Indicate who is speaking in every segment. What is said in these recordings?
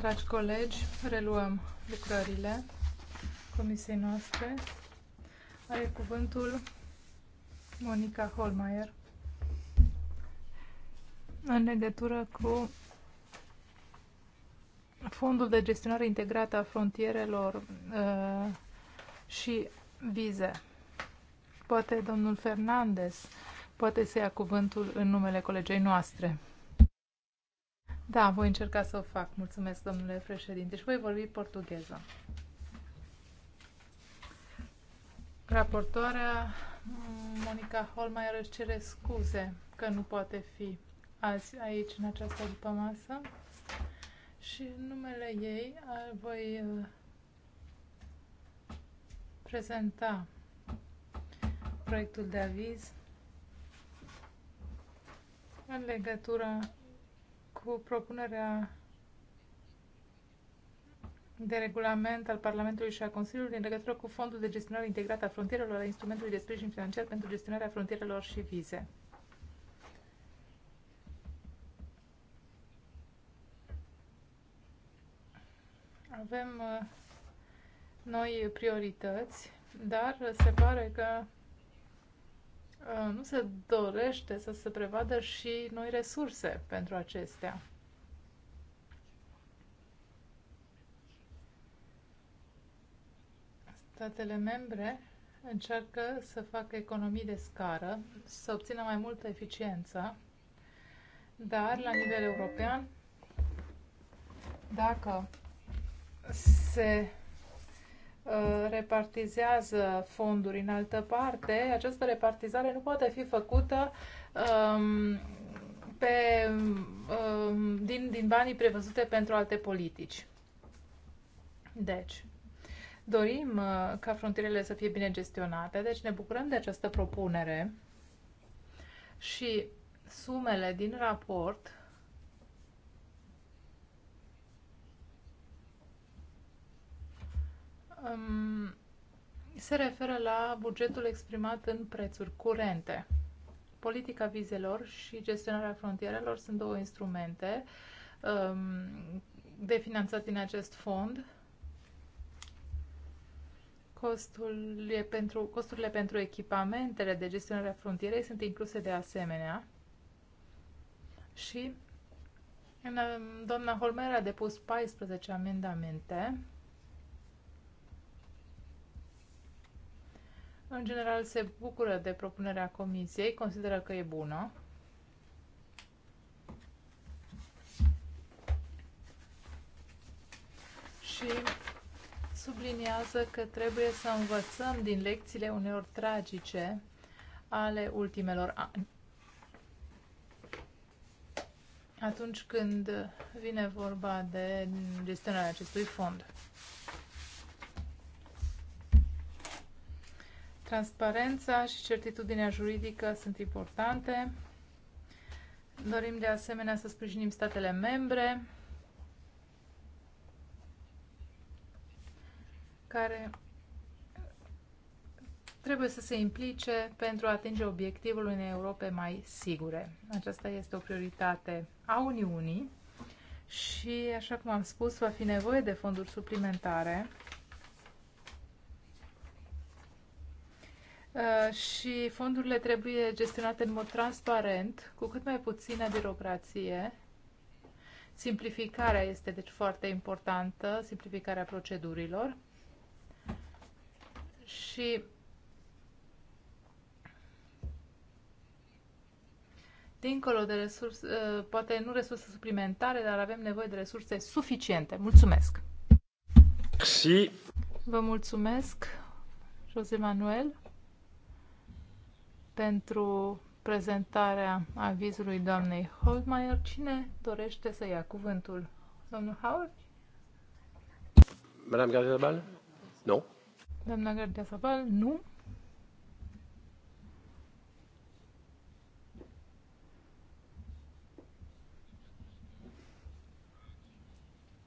Speaker 1: Dragi colegi, reluăm lucrările comisiei noastre. Are cuvântul Monica Holmeier în legătură cu Fondul de gestionare integrată a frontierelor uh, și vize. Poate domnul Fernandez poate să ia cuvântul în numele colegei noastre. Da, voi încerca să o fac. Mulțumesc, domnule președinte. Și voi vorbi portugheză. Raportoarea mm, Monica Holmeier își cere scuze că nu poate fi azi aici în această după masă și în numele ei voi prezenta proiectul de aviz în legătură cu propunerea de regulament al Parlamentului și a Consiliului în legătură cu Fondul de Gestionare Integrată a Frontierelor a Instrumentului de Sprijin Financiar pentru Gestionarea Frontierelor și Vize. Avem uh, noi priorități, dar se pare că Uh, nu se dorește să se prevadă și noi resurse pentru acestea. Statele membre încearcă să facă economii de scară, să obțină mai multă eficiență, dar la nivel european, dacă se Uh, repartizează fonduri în altă parte, această repartizare nu poate fi făcută um, pe, um, din, din banii prevăzute pentru alte politici. Deci, dorim uh, ca frontierele să fie bine gestionate, deci ne bucurăm de această propunere și sumele din raport se referă la bugetul exprimat în prețuri curente. Politica vizelor și gestionarea frontierelor sunt două instrumente um, de finanțat din acest fond. Costul pentru, costurile pentru echipamentele de gestionare a frontierei sunt incluse de asemenea. Și um, doamna Holmer a depus 14 amendamente în general se bucură de propunerea comisiei, consideră că e bună. Și subliniază că trebuie să învățăm din lecțiile uneor tragice ale ultimelor ani. Atunci când vine vorba de gestionarea acestui fond. Transparența și certitudinea juridică sunt importante. Dorim de asemenea să sprijinim statele membre care trebuie să se implice pentru a atinge obiectivul unei Europe mai sigure. Aceasta este o prioritate a Uniunii și, așa cum am spus, va fi nevoie de fonduri suplimentare Uh, și fondurile trebuie gestionate în mod transparent, cu cât mai puțină birocrație. Simplificarea este deci foarte importantă, simplificarea procedurilor. Și dincolo de resurse, uh, poate nu resurse suplimentare, dar avem nevoie de resurse suficiente. Mulțumesc! Și. Vă mulțumesc, José Manuel pentru prezentarea avizului doamnei Holtmeier. Cine dorește să ia cuvântul? Domnul Howard?
Speaker 2: Madame Gardia Zabal? Nu.
Speaker 1: Doamna Gardia Zabal? Nu.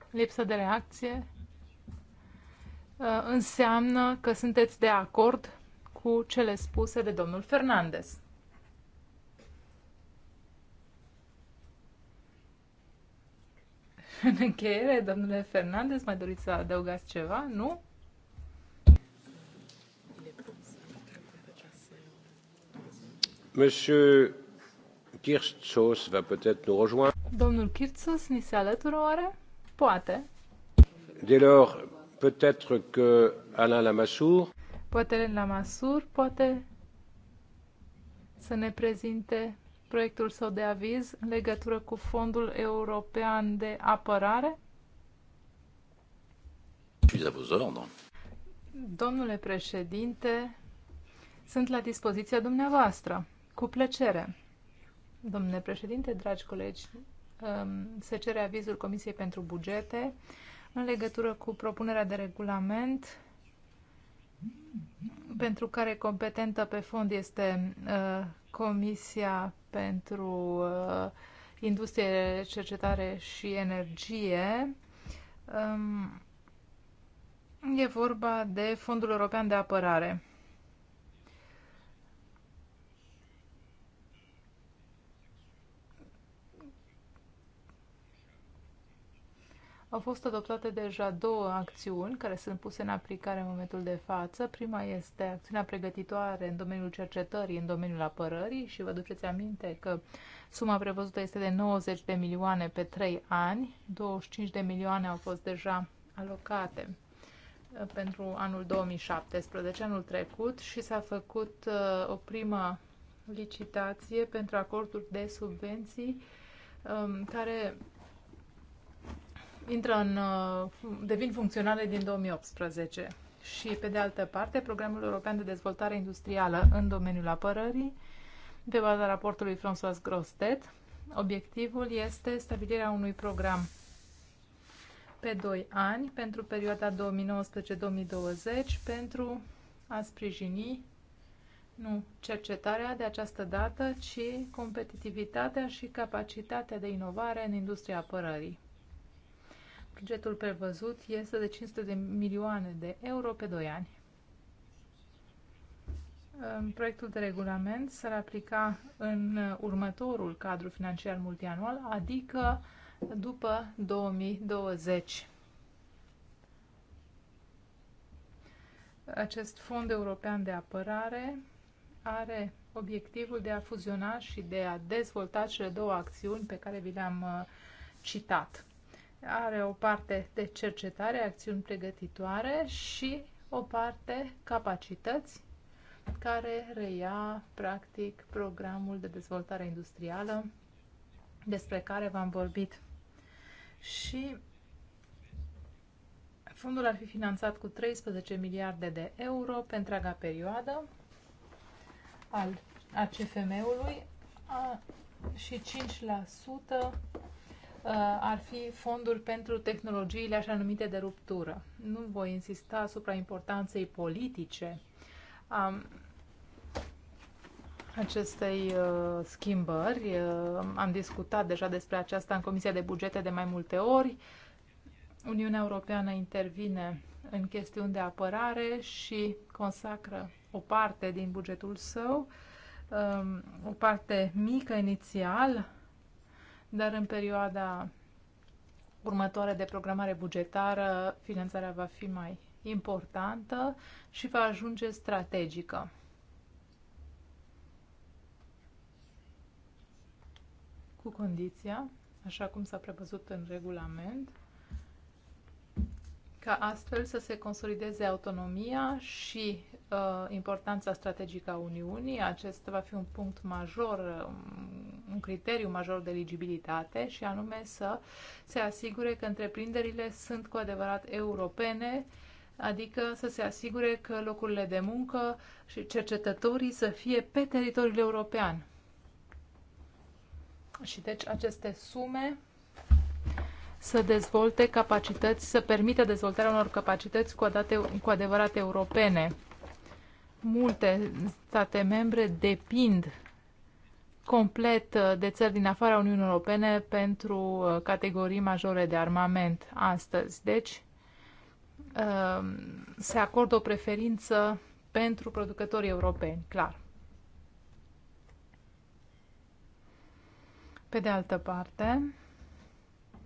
Speaker 1: Lipsă de reacție uh, înseamnă că sunteți de acord cu cele spuse de domnul Fernandez. În încheiere, domnule Fernandez, mai doriți să adăugați ceva? Nu?
Speaker 2: Monsieur Kirchhoff va peut-être nous rejoindre.
Speaker 1: Domnul Kirchhoff ni se alătură oare? Poate.
Speaker 2: Dès lors, peut-être que Alain Lamassoure
Speaker 1: Poate la Masur poate să ne prezinte proiectul său de aviz în legătură cu Fondul European de Apărare? Domnule președinte, sunt la dispoziția dumneavoastră. Cu plăcere. Domnule președinte, dragi colegi, um, se cere avizul Comisiei pentru Bugete în legătură cu propunerea de regulament pentru care competentă pe fond este uh, Comisia pentru uh, Industrie, Cercetare și Energie. Um, e vorba de Fondul European de Apărare. Au fost adoptate deja două acțiuni care sunt puse în aplicare în momentul de față. Prima este acțiunea pregătitoare în domeniul cercetării, în domeniul apărării și vă duceți aminte că suma prevăzută este de 90 de milioane pe 3 ani, 25 de milioane au fost deja alocate uh, pentru anul 2017, anul trecut, și s-a făcut uh, o primă licitație pentru acorduri de subvenții um, care intră în, uh, devin funcționale din 2018 și, pe de altă parte, Programul European de Dezvoltare Industrială în domeniul apărării, pe baza raportului François Grostet. Obiectivul este stabilirea unui program pe 2 ani pentru perioada 2019-2020 pentru a sprijini nu cercetarea de această dată, ci competitivitatea și capacitatea de inovare în industria apărării. Bugetul prevăzut este de 500 de milioane de euro pe 2 ani. Proiectul de regulament s-ar aplica în următorul cadru financiar multianual, adică după 2020. Acest fond european de apărare are obiectivul de a fuziona și de a dezvolta cele două acțiuni pe care vi le-am uh, citat are o parte de cercetare, acțiuni pregătitoare și o parte capacități care reia practic programul de dezvoltare industrială despre care v-am vorbit. Și fondul ar fi finanțat cu 13 miliarde de euro pentru întreaga perioadă al ACFM-ului și 5% Uh, ar fi fonduri pentru tehnologiile așa numite de ruptură. Nu voi insista asupra importanței politice a acestei uh, schimbări. Uh, am discutat deja despre aceasta în Comisia de Bugete de mai multe ori. Uniunea Europeană intervine în chestiuni de apărare și consacră o parte din bugetul său, um, o parte mică inițial, dar în perioada următoare de programare bugetară finanțarea va fi mai importantă și va ajunge strategică. Cu condiția, așa cum s-a prevăzut în regulament, ca astfel să se consolideze autonomia și uh, importanța strategică a Uniunii. Acesta va fi un punct major, um, un criteriu major de eligibilitate și anume să se asigure că întreprinderile sunt cu adevărat europene, adică să se asigure că locurile de muncă și cercetătorii să fie pe teritoriul european. Și deci aceste sume să dezvolte capacități, să permită dezvoltarea unor capacități cu, adate, cu adevărat europene. Multe state membre depind complet uh, de țări din afara Uniunii Europene pentru uh, categorii majore de armament astăzi. Deci, uh, se acordă o preferință pentru producătorii europeni, clar. Pe de altă parte,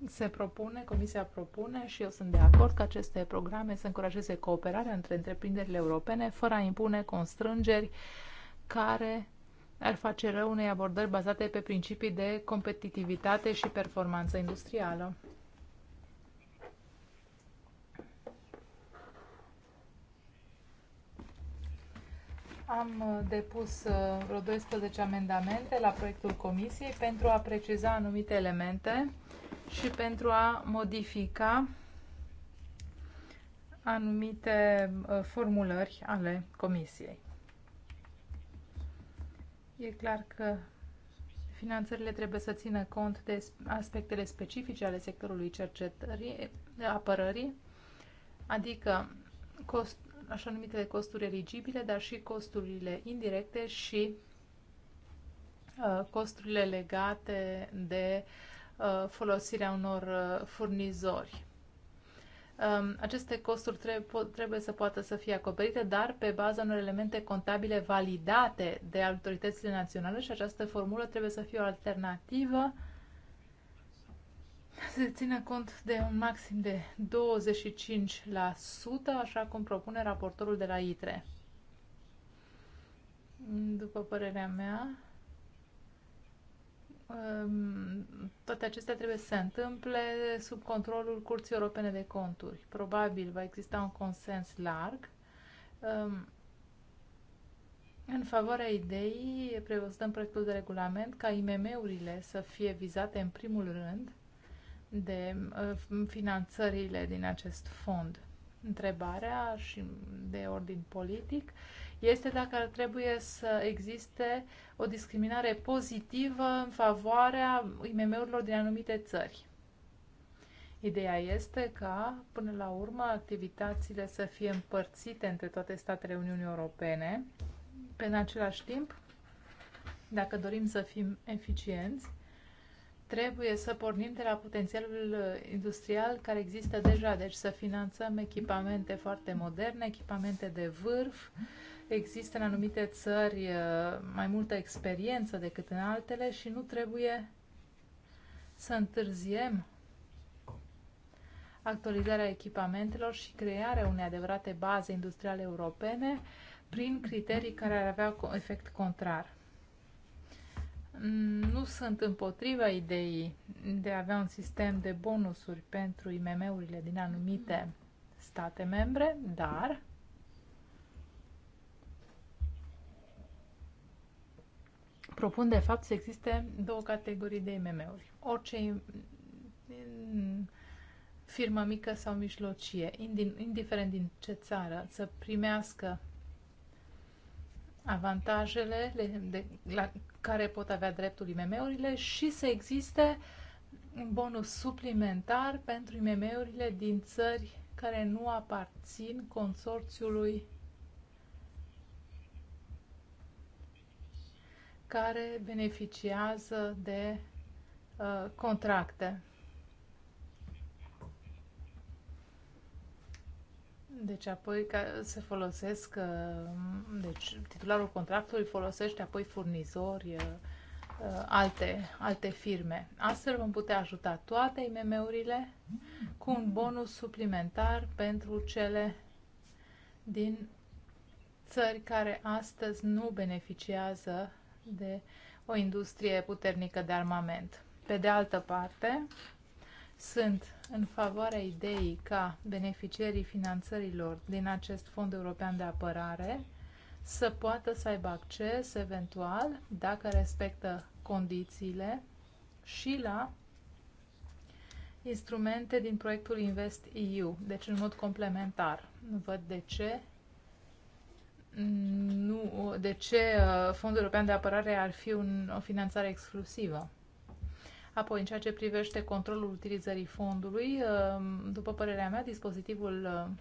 Speaker 1: se propune, Comisia propune și eu sunt de acord că aceste programe să încurajeze cooperarea între întreprinderile europene fără a impune constrângeri care ar face rău unei abordări bazate pe principii de competitivitate și performanță industrială. Am uh, depus uh, vreo 12 amendamente la proiectul Comisiei pentru a preciza anumite elemente și pentru a modifica anumite uh, formulări ale comisiei. E clar că finanțările trebuie să țină cont de aspectele specifice ale sectorului cercetării, apărării, adică cost, așa numitele costuri eligibile, dar și costurile indirecte și uh, costurile legate de uh, Uh, folosirea unor uh, furnizori. Um, aceste costuri trebuie să poată să fie acoperite, dar pe baza unor elemente contabile validate de autoritățile naționale și această formulă trebuie să fie o alternativă se țină cont de un maxim de 25%, așa cum propune raportorul de la ITRE. După părerea mea, Ehm, toate acestea trebuie să se întâmple sub controlul Curții Europene de Conturi. Probabil va exista un consens larg ehm, în favoarea ideii prevăzută în proiectul de regulament ca IMM-urile să fie vizate în primul rând de ehm, finanțările din acest fond întrebarea și de ordin politic este dacă ar trebui să existe o discriminare pozitivă în favoarea IMM-urilor din anumite țări. Ideea este ca, până la urmă, activitățile să fie împărțite între toate statele Uniunii Europene. Pe în același timp, dacă dorim să fim eficienți, trebuie să pornim de la potențialul uh, industrial care există deja, deci să finanțăm echipamente foarte moderne, echipamente de vârf. Există în anumite țări uh, mai multă experiență decât în altele și nu trebuie să întârziem actualizarea echipamentelor și crearea unei adevărate baze industriale europene prin criterii care ar avea efect contrar. Mm, nu sunt împotriva ideii de a avea un sistem de bonusuri pentru IMM-urile din anumite state membre, dar propun de fapt să existe două categorii de IMM-uri. Orice firmă mică sau mijlocie, indiferent din ce țară, să primească avantajele de, la care pot avea dreptul IMM-urile și să existe un bonus suplimentar pentru IMM-urile din țări care nu aparțin consorțiului care beneficiază de uh, contracte. Deci apoi ca se folosesc, uh, deci titularul contractului folosește apoi furnizori, uh, uh, alte, alte firme. Astfel vom putea ajuta toate IMM-urile cu un bonus suplimentar pentru cele din țări care astăzi nu beneficiază de o industrie puternică de armament. Pe de altă parte, sunt în favoarea ideii ca beneficiarii finanțărilor din acest fond european de apărare să poată să aibă acces, eventual, dacă respectă condițiile, și la instrumente din proiectul Invest EU, deci în mod complementar. Nu văd de ce nu, de ce uh, Fondul European de Apărare ar fi un, o finanțare exclusivă. Apoi, în ceea ce privește controlul utilizării fondului, um, după părerea mea, dispozitivul um,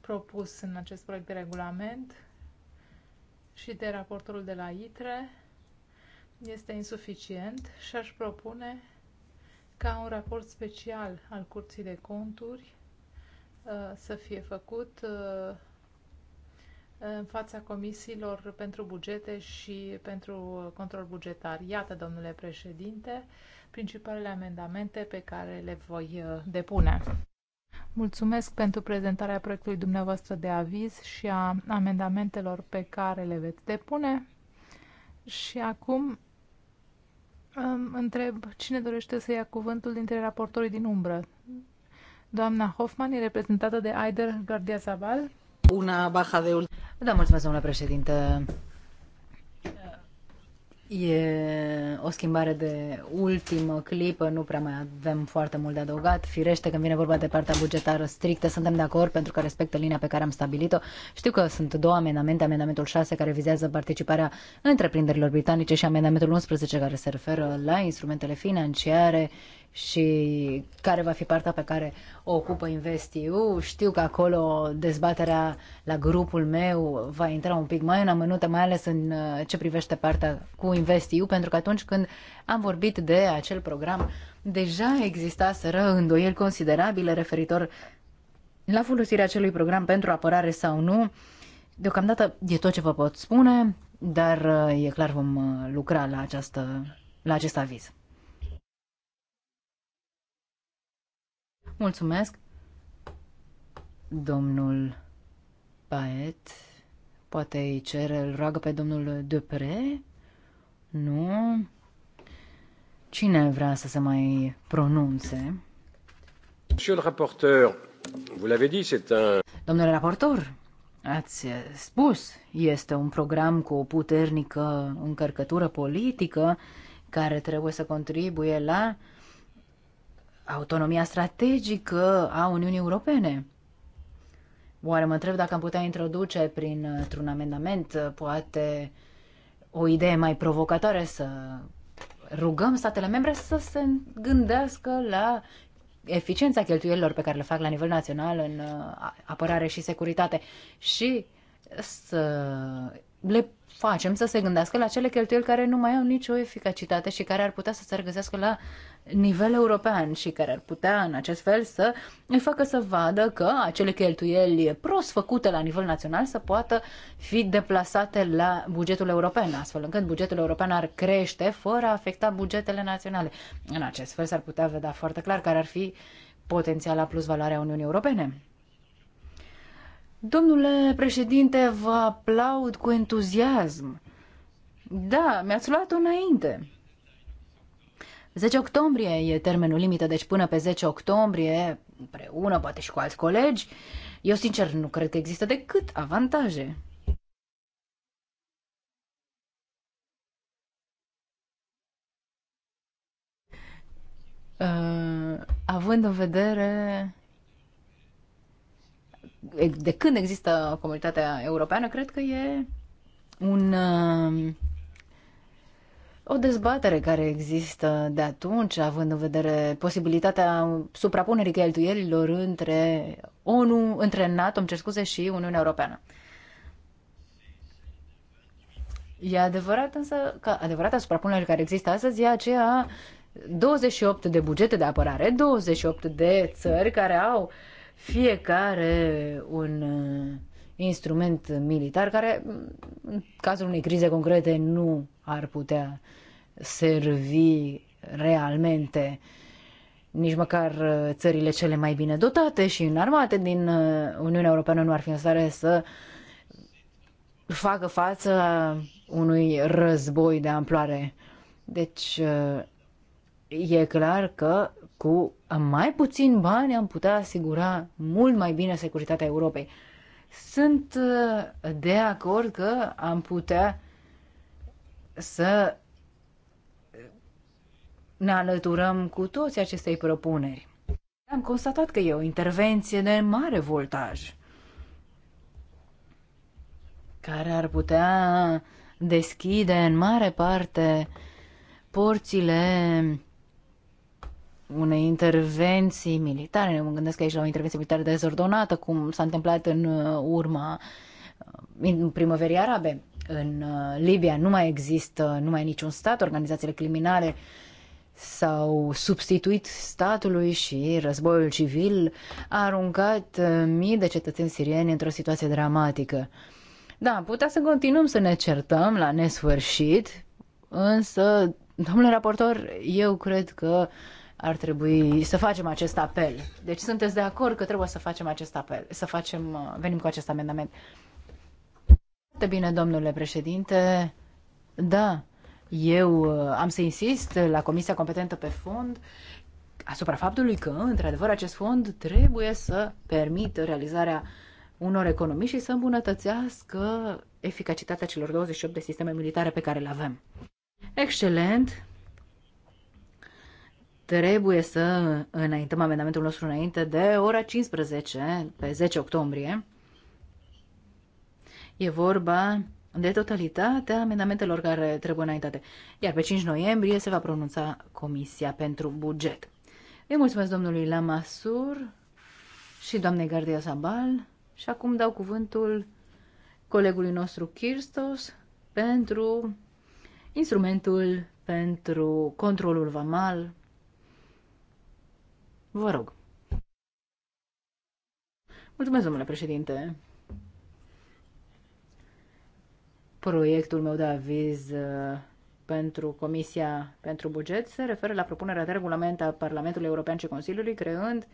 Speaker 1: propus în acest proiect de regulament și de raportorul de la ITRE este insuficient și aș propune ca un raport special al Curții de Conturi uh, să fie făcut uh, în fața comisiilor pentru bugete și pentru control bugetar. Iată, domnule președinte, principalele amendamente pe care le voi uh, depune. Mulțumesc pentru prezentarea proiectului dumneavoastră de aviz și a amendamentelor pe care le veți depune. Și acum um, întreb cine dorește să ia cuvântul dintre raportorii din umbră. Doamna Hoffman e reprezentată de Aider Gardia Zabal
Speaker 3: una baja de... Da, mulțumesc, domnule președinte. E o schimbare de ultimă clipă, nu prea mai avem foarte mult de adăugat. Firește, când vine vorba de partea bugetară strictă, suntem de acord pentru că respectă linia pe care am stabilit-o. Știu că sunt două amendamente, amendamentul 6 care vizează participarea întreprinderilor britanice și amendamentul 11 care se referă la instrumentele financiare și care va fi partea pe care o ocupă Investiu. Știu că acolo dezbaterea la grupul meu va intra un pic mai în amănunte, mai ales în uh, ce privește partea cu Investiu, pentru că atunci când am vorbit de acel program, deja exista sără îndoieli considerabile referitor la folosirea acelui program pentru apărare sau nu. Deocamdată e tot ce vă pot spune, dar uh, e clar vom uh, lucra la, această, la acest aviz. Mulțumesc. Domnul Paet, poate îi cere, îl roagă pe domnul Depre? Nu. Cine vrea să se mai pronunțe?
Speaker 2: Monsieur le rapporteur, vous l'avez dit, c'est un...
Speaker 3: Domnule raportor, ați spus, este un program cu o puternică încărcătură politică care trebuie să contribuie la autonomia strategică a Uniunii Europene. Oare mă întreb dacă am putea introduce printr-un amendament, poate o idee mai provocatoare să rugăm statele membre să se gândească la eficiența cheltuielilor pe care le fac la nivel național în uh, apărare și securitate și să le facem să se gândească la cele cheltuieli care nu mai au nicio eficacitate și care ar putea să se regăsească la nivel european și care ar putea în acest fel să îi facă să vadă că acele cheltuieli prost făcute la nivel național să poată fi deplasate la bugetul european, astfel încât bugetul european ar crește fără a afecta bugetele naționale. În acest fel s-ar putea vedea foarte clar care ar fi potențiala plusvaloare a Uniunii Europene. Domnule președinte, vă aplaud cu entuziasm. Da, mi-ați luat-o înainte. 10 octombrie e termenul limită, deci până pe 10 octombrie, împreună, poate și cu alți colegi, eu sincer nu cred că există decât avantaje. Uh, având în vedere de când există comunitatea europeană, cred că e un, um, o dezbatere care există de atunci, având în vedere posibilitatea suprapunerii cheltuielilor între ONU, între NATO, îmi cer scuze, și Uniunea Europeană. E adevărat însă că adevărata suprapunere care există astăzi e aceea 28 de bugete de apărare, 28 de țări care au uh, fiecare un uh, instrument militar care, mm, în cazul unei crize concrete, nu ar putea servi realmente nici măcar uh, țările cele mai bine dotate și înarmate din uh, Uniunea Europeană nu ar fi în stare să facă față unui război de amploare. Deci e clar că cu mai puțin bani am putea asigura mult mai bine securitatea Europei. Sunt uh, de acord că am putea să uh, ne alăturăm cu toți acestei propuneri. Am constatat că e o intervenție de mare voltaj care ar putea deschide în mare parte porțile unei intervenții militare. Mă gândesc aici la o intervenție militară dezordonată, cum s-a întâmplat în uh, urma uh, în primăverii arabe. În uh, Libia nu mai există, nu mai niciun stat, organizațiile criminale s-au substituit statului și războiul civil a aruncat mii de cetățeni sirieni într-o situație dramatică. Da, putea să continuăm să ne certăm la nesfârșit, însă, domnule raportor, eu cred că uh, ar trebui să facem acest apel. Deci sunteți de acord că trebuie să facem acest apel, să facem, uh, venim cu acest amendament. Foarte bine, domnule președinte. Da, eu uh, am să insist la Comisia Competentă pe Fond asupra faptului că, într-adevăr, acest fond trebuie să permită realizarea unor economii și să îmbunătățească eficacitatea celor 28 de sisteme militare pe care le avem. Excelent! Trebuie să înaintăm amendamentul nostru înainte de ora 15, pe 10 octombrie. E vorba de totalitatea amendamentelor care trebuie înaintate. Iar pe 5 noiembrie se va pronunța Comisia pentru Buget. Îi mulțumesc domnului Lamasur și doamnei Gardia Sabal și acum dau cuvântul colegului nostru Kirstos pentru instrumentul pentru controlul vamal Vă rog. Mulțumesc, domnule președinte. Proiectul meu de aviz uh, pentru Comisia pentru Buget se referă la propunerea de regulament a Parlamentului European și Consiliului, creând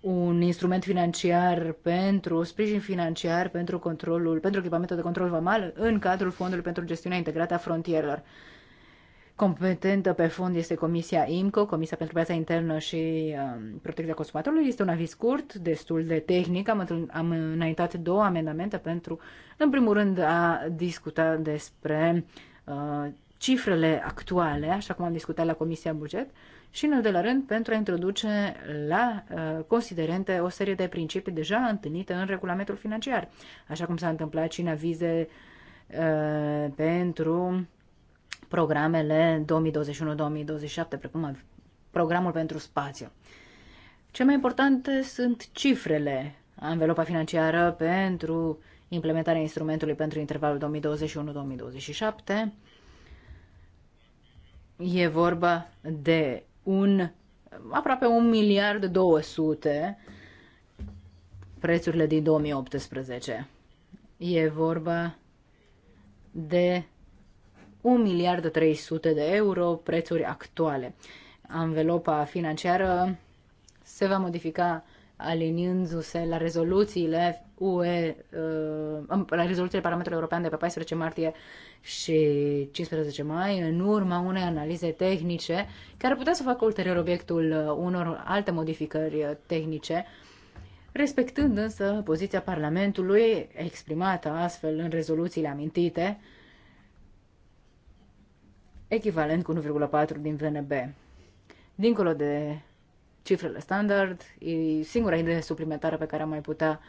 Speaker 3: un instrument financiar pentru sprijin financiar pentru controlul pentru echipamentul de control vamal în cadrul Fondului pentru gestiunea integrată a frontierelor. Competentă pe fond este Comisia IMCO, Comisia pentru Piața Internă și um, Protecția Consumatorului. Este un aviz scurt, destul de tehnic. Am, am înaintat două amendamente pentru, în primul rând, a discuta despre uh, cifrele actuale, așa cum am discutat la Comisia Buget, și, în al doilea rând, pentru a introduce la uh, considerente o serie de principii deja întâlnite în regulamentul financiar, așa cum s-a întâmplat și în avize uh, pentru programele 2021-2027, precum programul pentru spațiu. Cel mai importante sunt cifrele, anvelopa financiară pentru implementarea instrumentului pentru intervalul 2021-2027. E vorba de un aproape 1 miliard 200 prețurile din 2018. E vorba de 1 miliard 300 de euro prețuri actuale. Anvelopa financiară se va modifica aliniindu-se la rezoluțiile UE, uh, la rezoluțiile Parlamentului European de pe 14 martie și 15 mai, în urma unei analize tehnice, care putea să facă ulterior obiectul uh, unor alte modificări uh, tehnice, respectând însă poziția Parlamentului exprimată astfel în rezoluțiile amintite, echivalent cu 1,4 din VNB. Dincolo de cifrele standard, e singura idee suplimentară pe care am mai putea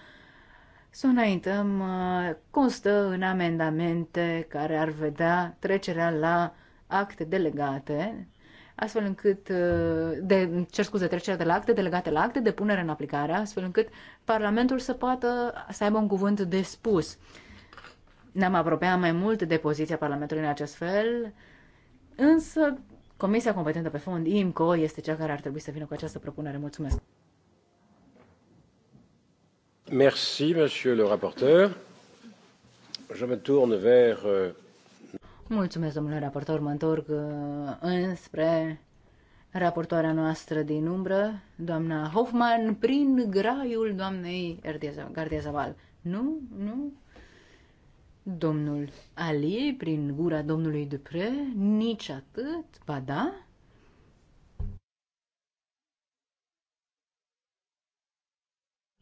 Speaker 3: să o înaintăm uh, constă în amendamente care ar vedea trecerea la acte delegate, astfel încât, uh, de, cer scuze, trecerea de la acte delegate la acte de punere în aplicare, astfel încât Parlamentul să poată să aibă un cuvânt de spus. Ne-am apropiat mai mult de poziția Parlamentului în acest fel, Însă, Comisia competentă pe fond, IMCO, este cea care ar trebui să vină cu această propunere. Mulțumesc!
Speaker 2: Merci, monsieur le rapporteur. Je me tourne vers... Euh,
Speaker 3: Mulțumesc, domnule raportor. Mă întorc uh, înspre raportoarea noastră din umbră, doamna Hoffman, prin graiul doamnei Gardia Zaval. Nu? Nu? domnul Ali prin gura domnului Dupre, nici atât, ba da.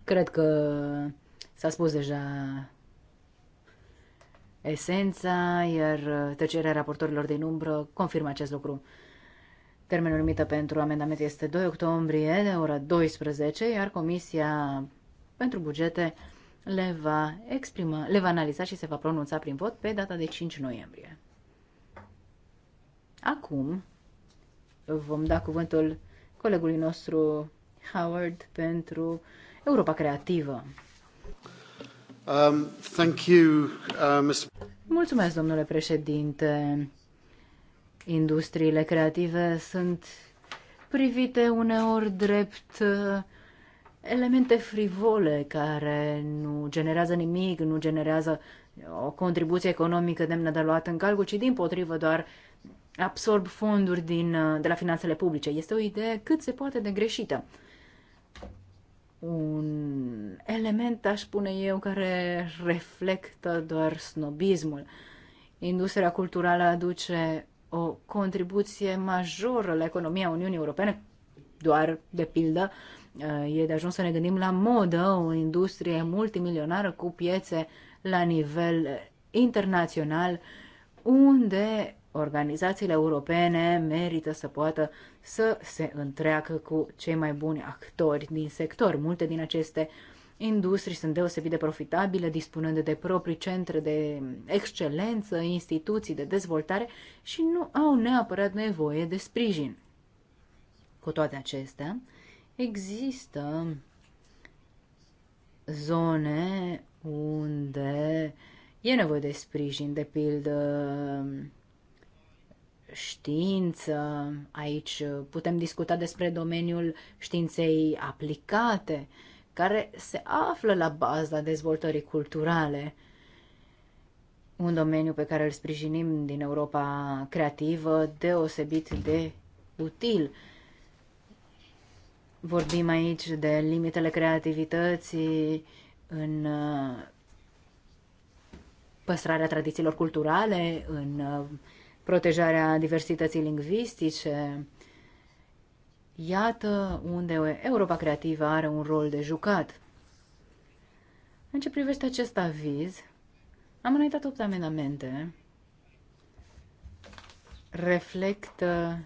Speaker 3: Cred că s-a spus deja esența, iar tăcerea raportorilor din umbră confirmă acest lucru. Termenul limită pentru amendament este 2 octombrie, de ora 12, iar Comisia pentru bugete le va exprima, le va analiza și se va pronunța prin vot pe data de 5 noiembrie. Acum vom da cuvântul colegului nostru Howard pentru Europa Creativă.
Speaker 4: Um, thank you, uh, Ms.
Speaker 3: Mulțumesc, domnule președinte. Industriile creative sunt privite uneori drept uh, elemente frivole care nu generează nimic, nu generează o contribuție economică demnă de luat în calcul, ci din potrivă doar absorb fonduri din, de la finanțele publice. Este o idee cât se poate de greșită. Un element, aș spune eu, care reflectă doar snobismul. Industria culturală aduce o contribuție majoră la economia Uniunii Europene, doar de pildă, uh, E de ajuns să ne gândim la modă, o industrie multimilionară cu piețe la nivel internațional, unde organizațiile europene merită să poată să se întreacă cu cei mai buni actori din sector. Multe din aceste industrii sunt deosebit de profitabile, dispunând de proprii centre de excelență, instituții de dezvoltare și nu au neapărat nevoie de sprijin. Cu toate acestea, Există zone unde e nevoie de sprijin, de pildă știință. Aici putem discuta despre domeniul științei aplicate, care se află la baza dezvoltării culturale. Un domeniu pe care îl sprijinim din Europa creativă, deosebit de util Vorbim aici de limitele creativității în uh, păstrarea tradițiilor culturale, în uh, protejarea diversității lingvistice. Iată unde Europa Creativă are un rol de jucat. În ce privește acest aviz, am înaintat 8 amendamente. Reflectă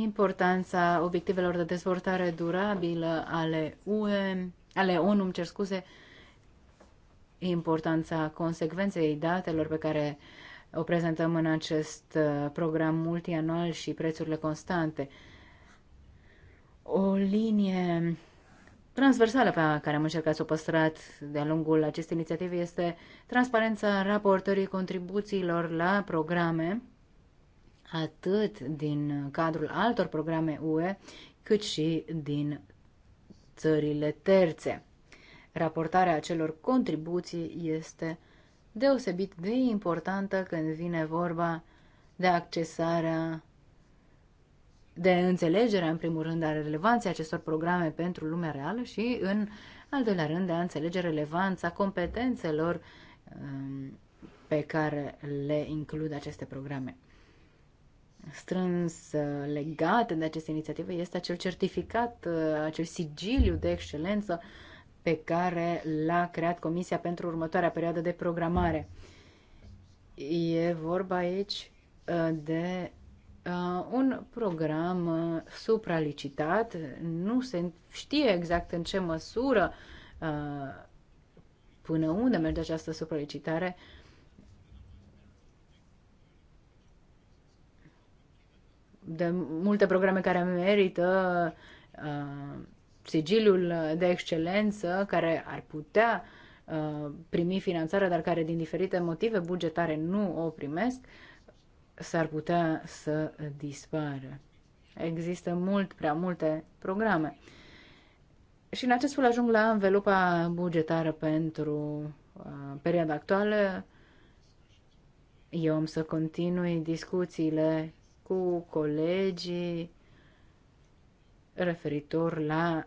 Speaker 3: importanța obiectivelor de dezvoltare durabilă ale UE, ale ONU, îmi cer scuze, importanța consecvenței datelor pe care o prezentăm în acest uh, program multianual și prețurile constante. O linie transversală pe care am încercat să o păstrat de-a lungul acestei inițiative este transparența raportării contribuțiilor la programe atât din cadrul altor programe UE, cât și din țările terțe. Raportarea acelor contribuții este deosebit de importantă când vine vorba de accesarea, de înțelegerea, în primul rând, a relevanței acestor programe pentru lumea reală și, în al doilea rând, de a înțelege relevanța competențelor um, pe care le includ aceste programe strâns uh, legat de aceste inițiative este acel certificat, uh, acel sigiliu de excelență pe care l-a creat Comisia pentru următoarea perioadă de programare. E vorba aici uh, de un program supralicitat, nu se știe exact în ce măsură până unde merge această supralicitare, de multe programe care merită uh, sigiliul de excelență, care ar putea uh, primi finanțare, dar care din diferite motive bugetare nu o primesc, s-ar putea să dispară. Există mult prea multe programe. Și în acest fel ajung la învelupa bugetară pentru uh, perioada actuală. Eu am să continui discuțiile cu colegii referitor la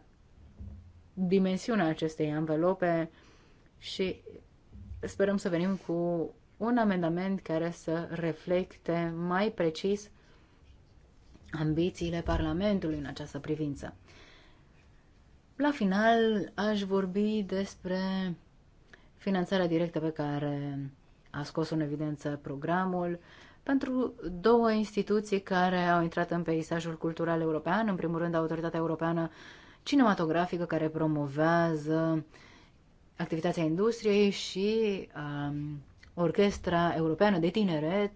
Speaker 3: dimensiunea acestei anvelope și sperăm să venim cu un amendament care să reflecte mai precis ambițiile Parlamentului în această privință. La final aș vorbi despre finanțarea directă pe care a scos în evidență programul, pentru două instituții care au intrat în peisajul cultural european, în primul rând Autoritatea Europeană Cinematografică, care promovează activitatea industriei și um, Orchestra Europeană de Tineret,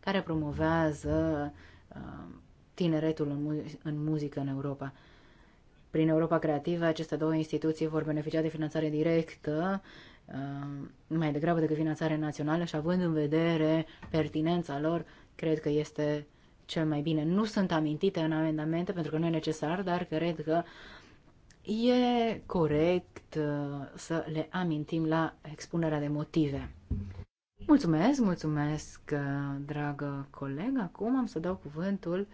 Speaker 3: care promovează um, tineretul în, mu- în muzică în Europa. Prin Europa Creativă, aceste două instituții vor beneficia de finanțare directă uh, Ehm, mai degrabă decât finanțare națională și având în vedere pertinența lor, cred că este cel mai bine. Nu sunt amintite în amendamente pentru că nu e necesar, dar cred că e corect uh, să le amintim la expunerea de motive. Mulțumesc, mulțumesc, uh, dragă colegă. Acum am să dau cuvântul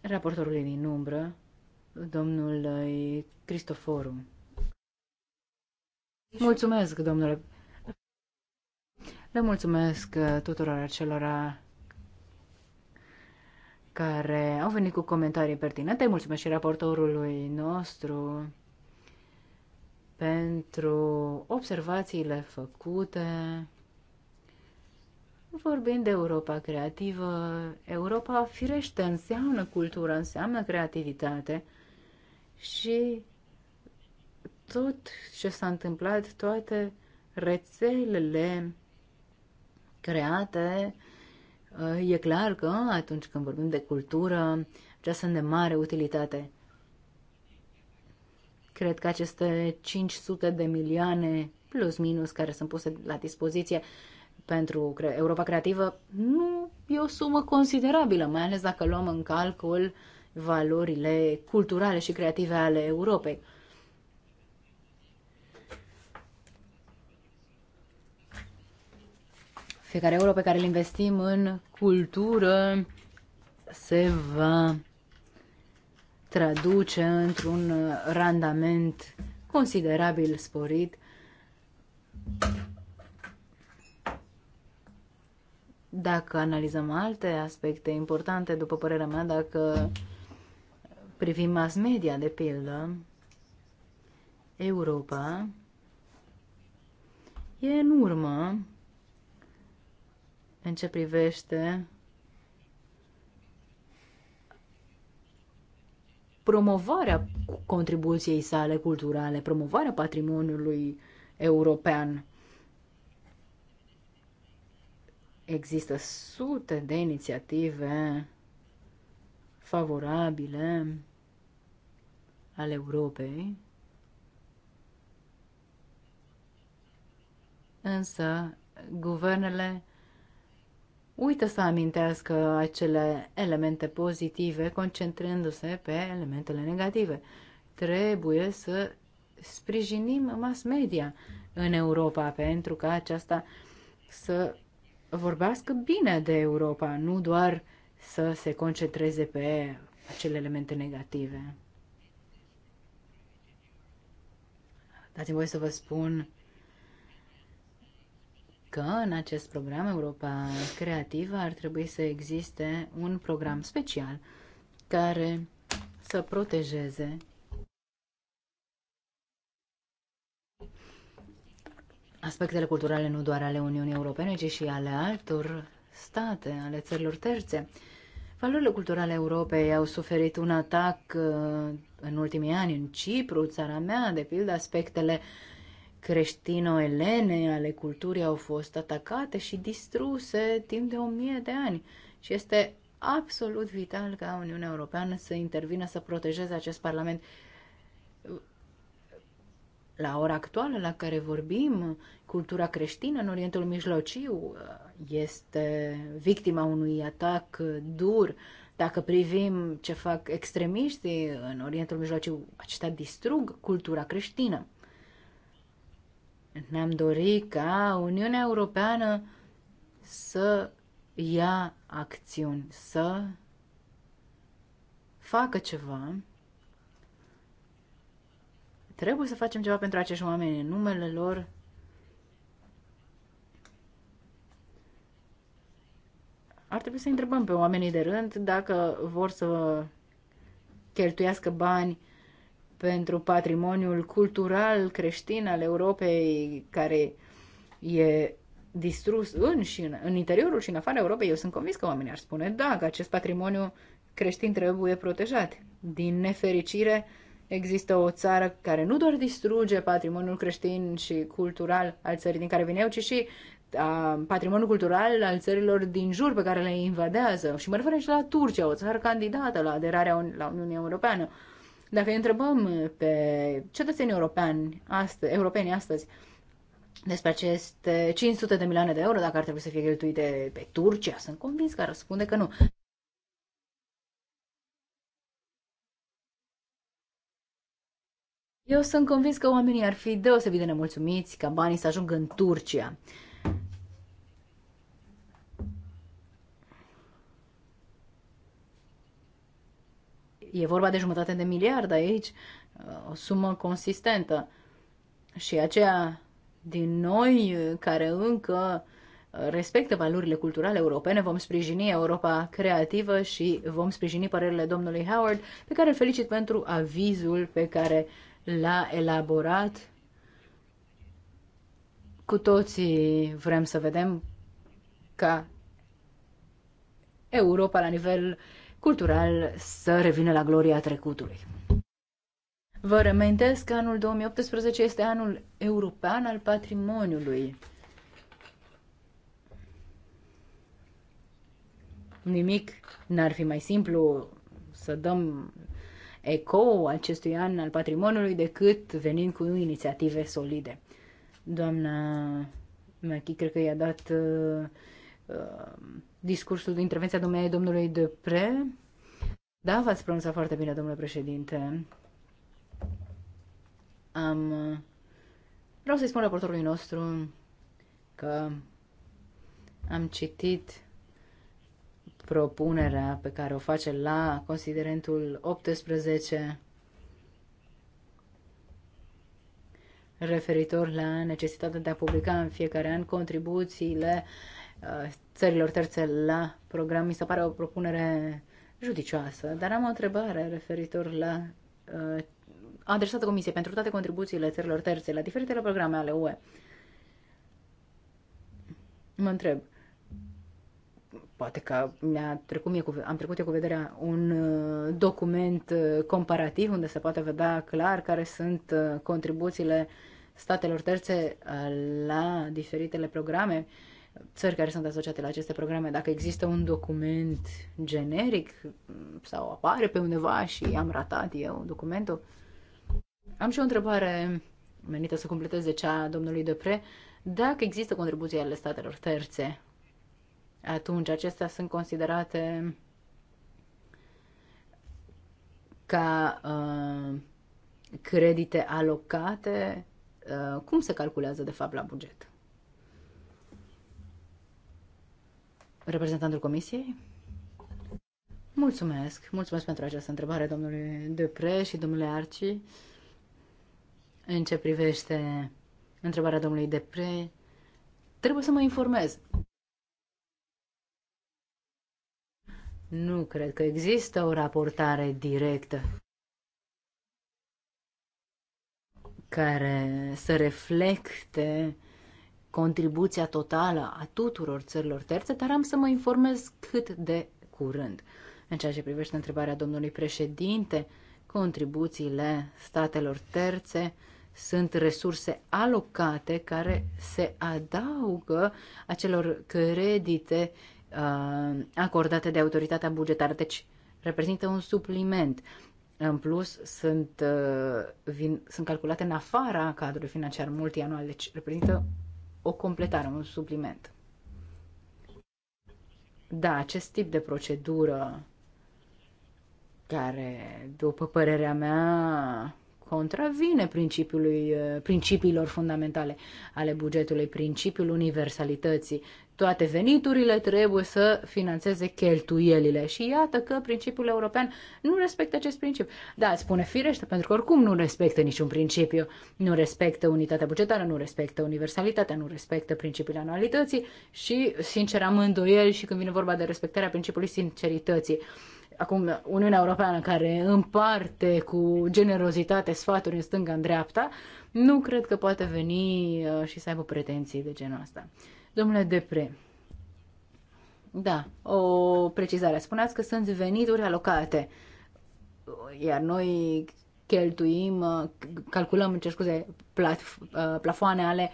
Speaker 3: raportorului din umbră, domnului Cristoforu. Mulțumesc, domnule. Le mulțumesc uh, tuturor acelora care au venit cu comentarii pertinente. Mulțumesc și raportorului nostru pentru observațiile făcute. Vorbind de Europa creativă, Europa firește înseamnă cultură, înseamnă creativitate și tot ce s-a întâmplat, toate rețelele create, uh, e clar că atunci când vorbim de cultură, sunt de mare utilitate. Cred că aceste 500 de milioane plus minus care sunt puse la dispoziție pentru Europa Creativă nu e o sumă considerabilă, mai ales dacă luăm în calcul valorile culturale și creative ale Europei. Fiecare euro pe care îl investim în cultură se va traduce într-un randament considerabil sporit. Dacă analizăm alte aspecte importante, după părerea mea, dacă privim mass media, de pildă, Europa e în urmă în ce privește promovarea contribuției sale culturale, promovarea patrimoniului european. Există sute de inițiative favorabile ale Europei, însă guvernele uită să amintească acele elemente pozitive, concentrându-se pe elementele negative. Trebuie să sprijinim mass media în Europa pentru ca aceasta să vorbească bine de Europa, nu doar să se concentreze pe acele elemente negative. Dați-mi voi să vă spun că în acest program Europa Creativă ar trebui să existe un program special care să protejeze aspectele culturale nu doar ale Uniunii Europene, ci și ale altor state, ale țărilor terțe. Valorile culturale Europei au suferit un atac uh, în ultimii ani în Cipru, țara mea, de pildă aspectele uh, creștino-elene ale culturii au fost atacate și distruse timp de o mie de ani. Și este absolut vital ca Uniunea Europeană să intervină, să protejeze acest Parlament. La ora actuală la care vorbim, cultura creștină în Orientul Mijlociu uh, este victima unui atac dur. Dacă privim ce fac extremiștii în Orientul Mijlociu, aceștia distrug cultura creștină. Ne-am dorit ca Uniunea Europeană să ia acțiuni, să facă ceva. Trebuie să facem ceva pentru acești oameni în numele lor. Ar trebui să întrebăm pe oamenii de rând dacă vor să cheltuiască bani pentru patrimoniul cultural creștin al Europei, care e distrus în, și în, în interiorul și în afara Europei, eu sunt convins că oamenii ar spune, da, că acest patrimoniu creștin trebuie protejat. Din nefericire, există o țară care nu doar distruge patrimoniul creștin și cultural al țării din care vin eu, ci și a, patrimoniul cultural al țărilor din jur pe care le invadează. Și mă refer și la Turcia, o țară candidată la aderarea la Uniunea Europeană. Dacă îi întrebăm uh, pe cetățenii europeni astăzi, europeni astăzi despre aceste 500 de milioane de euro, dacă ar trebui să fie cheltuite pe Turcia, sunt convins că răspunde că nu. Eu sunt convins că oamenii ar fi deosebit de nemulțumiți ca banii să ajungă în Turcia. E vorba de jumătate de miliard aici, o sumă consistentă. Și aceea, din noi care încă respectă valorile culturale europene, vom sprijini Europa creativă și vom sprijini părerile domnului Howard, pe care îl felicit pentru avizul pe care l-a elaborat. Cu toții vrem să vedem ca Europa la nivel uh, cultural să revină la gloria trecutului. Vă reamintesc că anul 2018 este anul european al patrimoniului. Nimic n-ar fi mai simplu să dăm eco acestui an al patrimoniului decât venind cu inițiative solide. Doamna Machi, cred că i-a dat uh, uh, discursul, intervenția domnului, domnului Depre. Da, v-ați pronunțat foarte bine, domnule președinte. Am... Uh, vreau să-i spun raportorului nostru că am citit propunerea pe care o face la considerentul 18 referitor la necesitatea de a publica în fiecare an contribuțiile uh, Uh, țărilor terțe la program. Mi se pare o propunere judicioasă, dar am o întrebare referitor la uh, adresată Comisiei pentru toate contribuțiile țărilor terțe la diferitele programe ale UE. Mă întreb, poate că mi-a trecut mie cu, am trecut eu cu vederea un uh, document comparativ unde se poate vedea clar care sunt contribuțiile statelor terțe la diferitele programe. Uh, țări care sunt asociate la aceste programe, dacă există un document generic sau apare pe undeva și am ratat eu documentul. Am și o întrebare menită să completeze cea a domnului Depre. Dacă există contribuții ale statelor terțe, atunci acestea sunt considerate ca uh, credite alocate. Uh, cum se calculează, de fapt, la buget? Reprezentantul Comisiei? Mulțumesc, mulțumesc pentru această întrebare, domnule Depre și domnule Arci. În ce privește întrebarea domnului Depre, trebuie să mă informez. Nu cred că există o raportare directă care să reflecte contribuția totală a tuturor țărilor terțe, dar am să mă informez cât de curând. În ceea ce privește întrebarea domnului președinte, contribuțiile statelor terțe sunt resurse alocate care se adaugă acelor credite uh, acordate de autoritatea bugetară, deci reprezintă un supliment. În plus, sunt, uh, vin, sunt calculate în afara cadrului financiar multianual, deci reprezintă o completare, un supliment. Da, acest tip de procedură care, după părerea mea, contravine principiului, eh, principiilor fundamentale ale bugetului, principiul universalității. Toate veniturile trebuie să financeze cheltuielile și iată că principiul european nu respectă acest principiu. Da, spune firește, pentru că oricum nu respectă niciun principiu, nu respectă unitatea bugetară, nu respectă universalitatea, nu respectă principiul anualității și, sincer, am îndoieli și când vine vorba de respectarea principiului sincerității acum Uniunea Europeană care împarte cu generozitate sfaturi în stânga în dreapta, nu cred că poate veni uh, și să aibă pretenții de genul ăsta. Domnule Depre, da, o precizare. Spuneați că sunt venituri alocate, iar noi cheltuim, uh, calculăm, ce scuze, plat, uh, plafoane ale,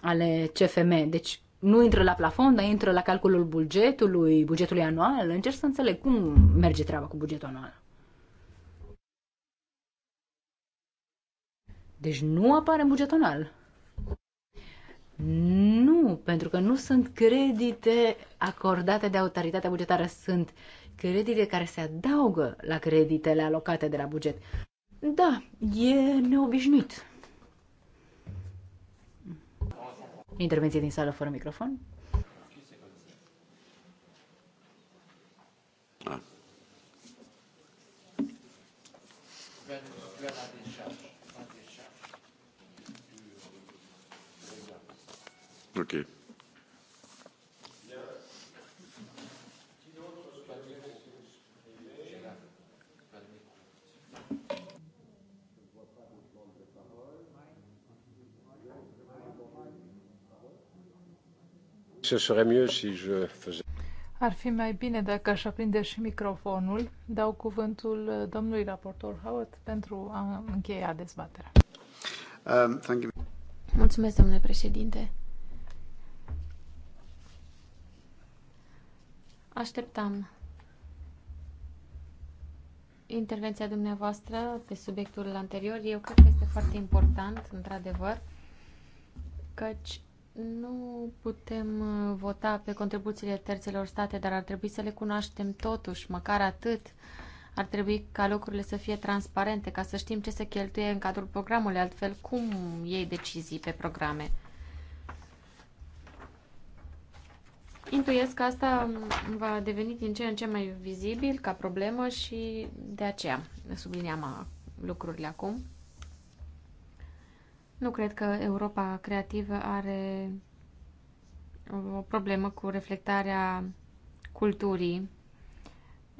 Speaker 3: ale CFM. Deci nu intră la plafon, dar intră la calculul bugetului, bugetului anual. Încerc să înțeleg cum merge treaba cu bugetul anual. Deci nu apare în bugetul anual. Nu, pentru că nu sunt credite acordate de autoritatea bugetară, sunt credite care se adaugă la creditele alocate de la buget. Da, e neobișnuit. Intervenție din sală fără microfon.
Speaker 2: Okay. Ok.
Speaker 1: Ar fi mai bine dacă aș aprinde și microfonul. Dau cuvântul uh, domnului raportor Howard pentru a
Speaker 4: încheia dezbaterea. Um, thank you. Mulțumesc, domnule președinte. Așteptam intervenția dumneavoastră pe subiectul anterior. Eu cred că este foarte important, într-adevăr, căci nu putem uh, vota pe contribuțiile terțelor state, dar ar trebui să le cunoaștem totuși, măcar atât. Ar trebui ca lucrurile să fie transparente, ca să știm ce se cheltuie în cadrul programului, altfel cum iei decizii pe programe. Intuiesc că asta va deveni din ce în ce mai vizibil ca problemă și de aceea subliniam uh, lucrurile acum. Nu cred că Europa creativă are o problemă cu reflectarea culturii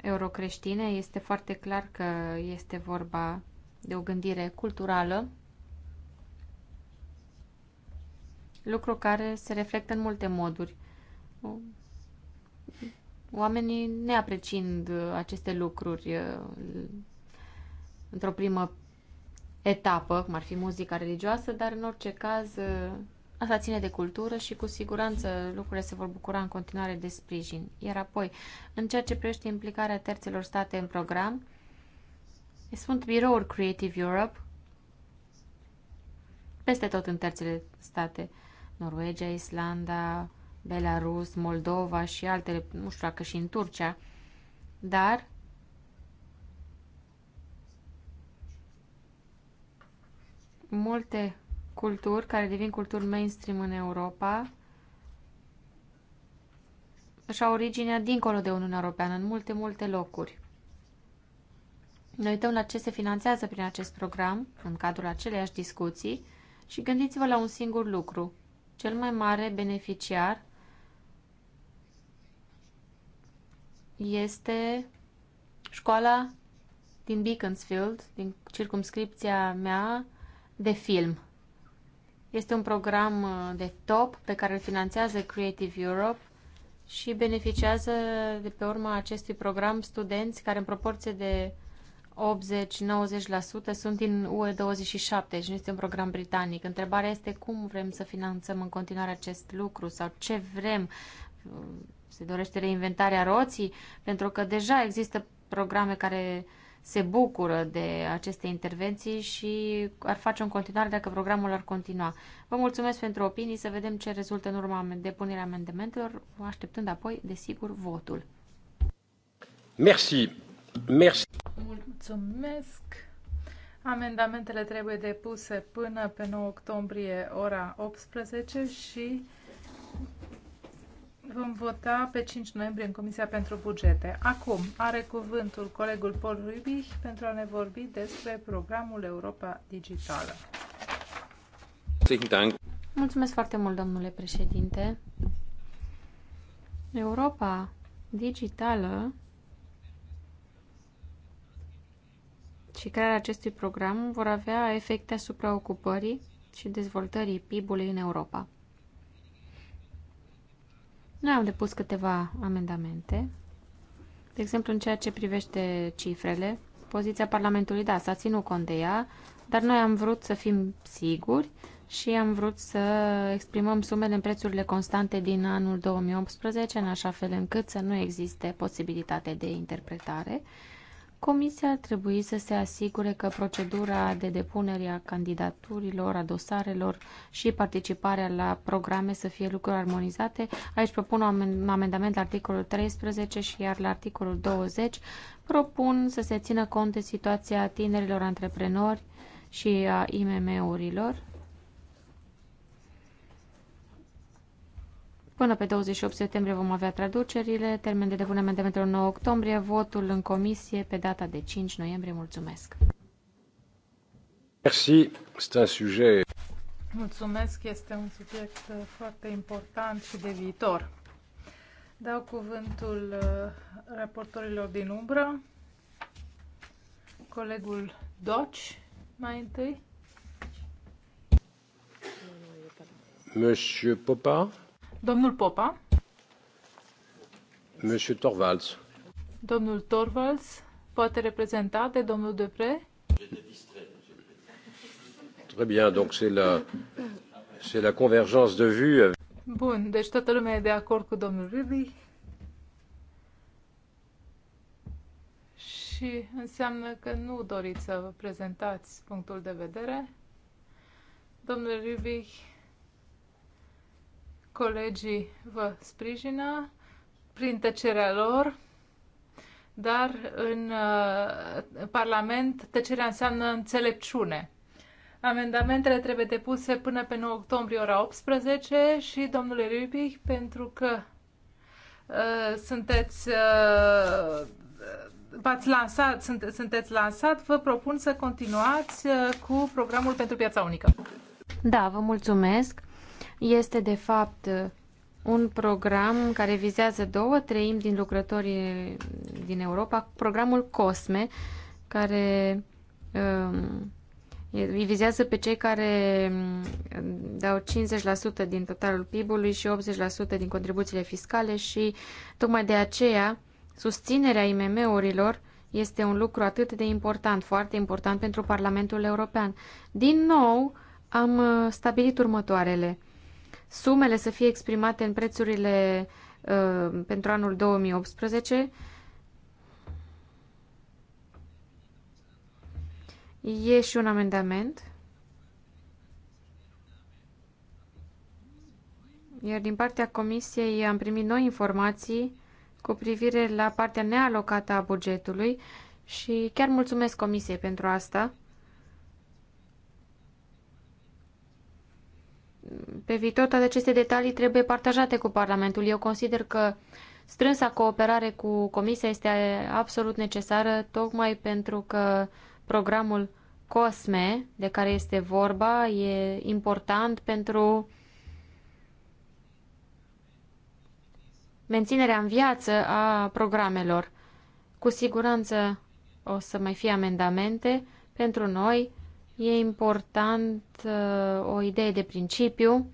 Speaker 4: eurocreștine. Este foarte clar că este vorba de o gândire culturală, lucru care se reflectă în multe moduri. Oamenii neapreciind aceste lucruri uh, într-o primă etapă, cum ar fi muzica religioasă, dar în orice caz ă, asta ține de cultură și cu siguranță lucrurile se vor bucura în continuare de sprijin. Iar apoi, în ceea ce privește implicarea terțelor state în program, sunt birouri Creative Europe peste tot în terțele state, Norvegia, Islanda, Belarus, Moldova și altele, nu știu dacă și în Turcia, dar multe culturi care devin culturi mainstream în Europa își au originea dincolo de Uniunea Europeană, în multe, multe locuri. Ne uităm la ce se finanțează prin acest program, în cadrul aceleiași discuții, și gândiți-vă la un singur lucru. Cel mai mare beneficiar este școala din Beaconsfield, din circumscripția mea, de film. Este un program uh, de top pe care îl finanțează Creative Europe și beneficiază de pe urma acestui program studenți care în proporție de 80-90% sunt din UE27 și nu este un program britanic. Întrebarea este cum vrem să finanțăm în continuare acest lucru sau ce vrem. Uh, se dorește reinventarea roții? Pentru că deja există programe care uh, se bucură de aceste intervenții și ar face în continuare dacă programul ar continua. Vă mulțumesc pentru opinii, să vedem ce rezultă în urma depunerea amendamentelor, așteptând apoi, desigur, votul.
Speaker 2: Merci. Merci.
Speaker 1: Mulțumesc. Amendamentele trebuie depuse până pe 9 octombrie ora 18 și Vom vota pe 5 noiembrie în Comisia pentru Bugete. Acum are cuvântul colegul Paul Rubich pentru a ne vorbi despre programul Europa
Speaker 4: Digitală. Mulțumesc foarte mult, domnule președinte. Europa Digitală și crearea acestui program vor avea efecte asupra ocupării și dezvoltării PIB-ului în Europa. Noi am depus câteva amendamente. De exemplu, în ceea ce privește cifrele, poziția Parlamentului, da, s-a ținut cont de ea, dar noi am vrut să fim siguri și am vrut să exprimăm sumele în prețurile constante din anul 2018, în așa fel încât să nu existe posibilitate de interpretare. Comisia ar trebui să se asigure că procedura de depunere a candidaturilor, a dosarelor și participarea la programe să fie lucruri armonizate. Aici propun un amendament la articolul 13 și iar la articolul 20 propun să se țină cont de situația tinerilor antreprenori și a IMM-urilor Până pe 28 septembrie vom avea traducerile, termen de depunere pentru 9 octombrie, votul în comisie pe data de 5 noiembrie. Mulțumesc!
Speaker 2: Merci, un sujet...
Speaker 4: Mulțumesc, este un subiect uh, foarte
Speaker 1: important și de viitor. Dau cuvântul uh, raportorilor din umbră, colegul Doci, mai întâi.
Speaker 2: Monsieur Popa.
Speaker 1: Domnul Popa.
Speaker 2: Monsieur Torvalds.
Speaker 1: Domnul Torvalds poate reprezenta de domnul Depre?
Speaker 2: Très bien, donc c'est la, c'est la convergence de vue.
Speaker 1: Bun, deci toată lumea e de acord cu domnul Ruby. Și înseamnă că nu doriți să vă prezentați punctul de vedere. Domnul Ruby, Colegii vă sprijină prin tăcerea lor, dar în uh, Parlament tăcerea înseamnă înțelepciune. Amendamentele trebuie depuse până pe 9 octombrie ora 18 și domnule Rubic, pentru că uh, sunteți uh, v-ați lansat, sunte, sunteți lansat, vă propun să continuați uh, cu programul pentru piața unică.
Speaker 4: Da, vă mulțumesc este de fapt un program care vizează două treimi din lucrătorii din Europa, programul COSME, care um, îi vizează pe cei care um, dau 50% din totalul PIB-ului și 80% din contribuțiile fiscale și tocmai de aceea susținerea IMM-urilor este un lucru atât de important, foarte important pentru Parlamentul European. Din nou, am uh, stabilit următoarele – sumele să fie exprimate în prețurile uh, pentru anul 2018. E și un amendament. Iar din partea Comisiei am primit noi informații cu privire la partea nealocată a bugetului și chiar mulțumesc Comisiei pentru asta. pe viitor toate aceste detalii trebuie partajate cu Parlamentul. Eu consider că strânsa cooperare cu Comisia este absolut necesară, tocmai pentru că programul COSME, de care este vorba, e important pentru menținerea în viață a programelor. Cu siguranță o să mai fie amendamente pentru noi E important uh, o idee de principiu.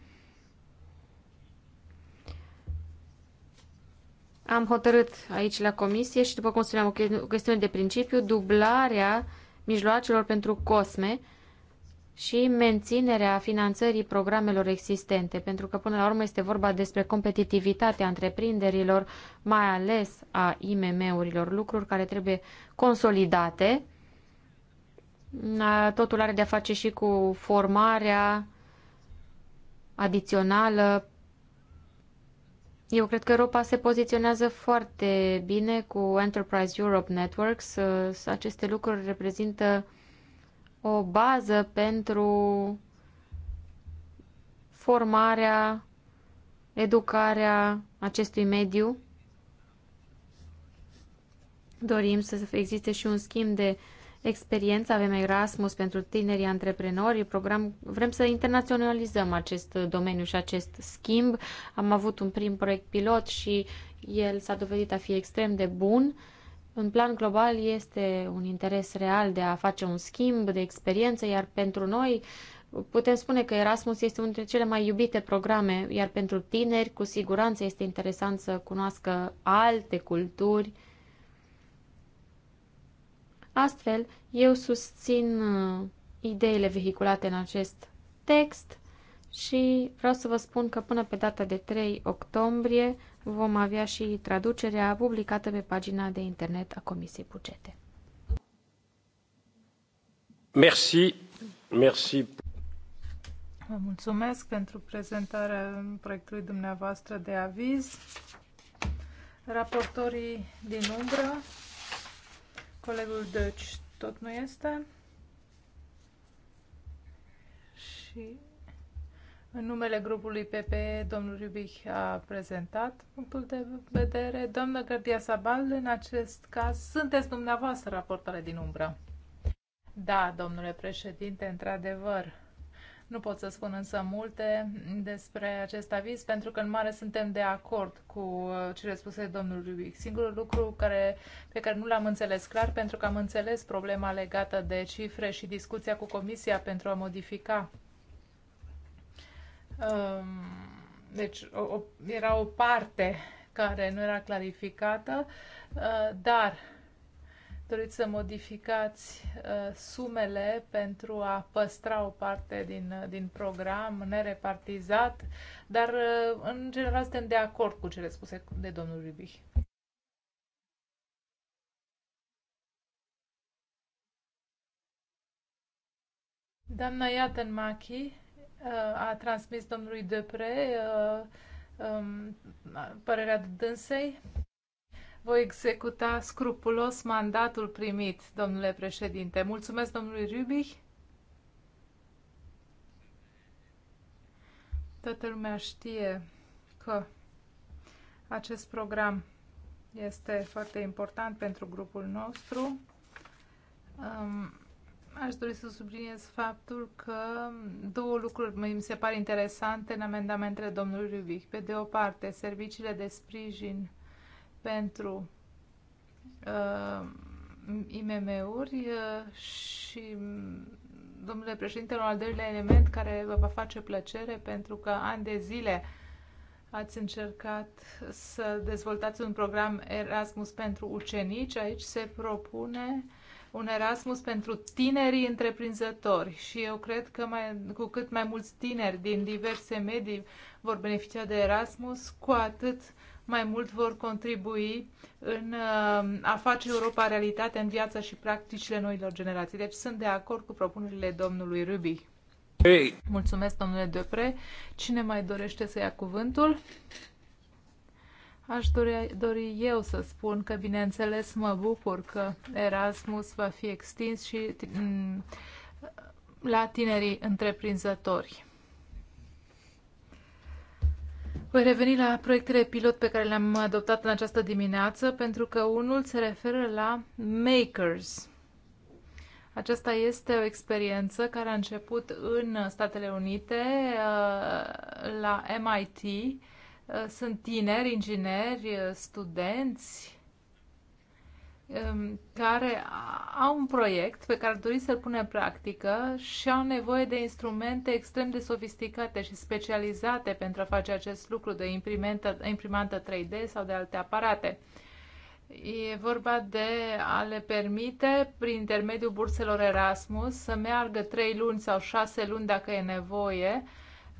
Speaker 4: Am hotărât aici la comisie și, după cum spuneam, o chestiune de principiu, dublarea mijloacelor pentru COSME și menținerea finanțării programelor existente, pentru că până la urmă este vorba despre competitivitatea întreprinderilor, mai ales a IMM-urilor, lucruri care trebuie consolidate Totul are de-a face și cu formarea adițională. Eu cred că Europa se poziționează foarte bine cu Enterprise Europe Networks. Aceste lucruri reprezintă o bază pentru formarea, educarea acestui mediu. Dorim să existe și un schimb de uh, experiență, avem Erasmus pentru tinerii antreprenori, program, vrem să internaționalizăm acest domeniu și acest schimb. Am avut un prim proiect pilot și el s-a dovedit a fi extrem de bun. În plan global este un interes real de a face un schimb de experiență, iar pentru noi putem spune că Erasmus este unul dintre cele mai iubite programe, iar pentru tineri cu siguranță este interesant să cunoască alte culturi, Astfel, eu susțin uh, ideile vehiculate în acest text și vreau să vă spun că până pe data de 3 octombrie vom avea și traducerea publicată pe pagina de internet a Comisiei Bugete.
Speaker 2: Merci. Merci.
Speaker 1: Vă mulțumesc pentru prezentarea proiectului dumneavoastră de aviz. Raportorii din umbră Colegul Deci tot nu este. Și în numele grupului PP, domnul Iubich a prezentat punctul de vedere. Doamnă Gărdia Sabal, în acest caz, sunteți dumneavoastră raportare din umbră. Da, domnule președinte, într-adevăr, nu pot să spun însă multe despre acest aviz, pentru că în mare suntem de acord cu uh, cele spuse domnul Rubic. Singurul lucru care, pe care nu l-am înțeles clar, pentru că am înțeles problema legată de cifre și discuția cu Comisia pentru a modifica. Um, deci o, o, era o parte care nu era clarificată, uh, dar doriți să modificați uh, sumele pentru a păstra o parte din, uh, din program nerepartizat, dar uh, în general suntem de acord cu cele spuse de domnul Ribich. Doamna Iatenmachi uh, a transmis domnului Depre uh, um, părerea dânsei voi executa scrupulos mandatul primit, domnule președinte. Mulțumesc domnului Rubich. Toată lumea știe că acest program este foarte important pentru grupul nostru. Um, aș dori să subliniez faptul că două lucruri mi se par interesante în amendamentele domnului Rubic. Pe de o parte, serviciile de sprijin pentru uh, IMM-uri uh, și, domnule președinte, un al doilea element care vă va face plăcere pentru că ani de zile ați încercat să dezvoltați un program Erasmus pentru ucenici. Aici se propune un Erasmus pentru tinerii întreprinzători și eu cred că mai, cu cât mai mulți tineri din diverse medii vor beneficia de Erasmus, cu atât uh, mai mult vor contribui în uh, a face Europa realitate în viața și practicile noilor generații. Deci sunt de acord cu propunerile domnului Rubi. Hey. Mulțumesc, domnule Depre. Cine mai dorește să ia cuvântul? Aș dori, dori eu să spun că, bineînțeles, mă bucur că Erasmus va fi extins și mm, la tinerii întreprinzători. Voi reveni la proiectele pilot pe care le-am adoptat în această dimineață, pentru că unul se referă la makers. Aceasta este o experiență care a început în Statele Unite, uh, la MIT. Uh, sunt tineri, ingineri, uh, studenți Um, care au un proiect pe care doriți să-l pune în practică și au nevoie de instrumente extrem de sofisticate și specializate pentru a face acest lucru de imprimantă, 3D sau de alte aparate. E vorba de a le permite, prin intermediul burselor Erasmus, să meargă 3 luni sau 6 luni dacă e nevoie,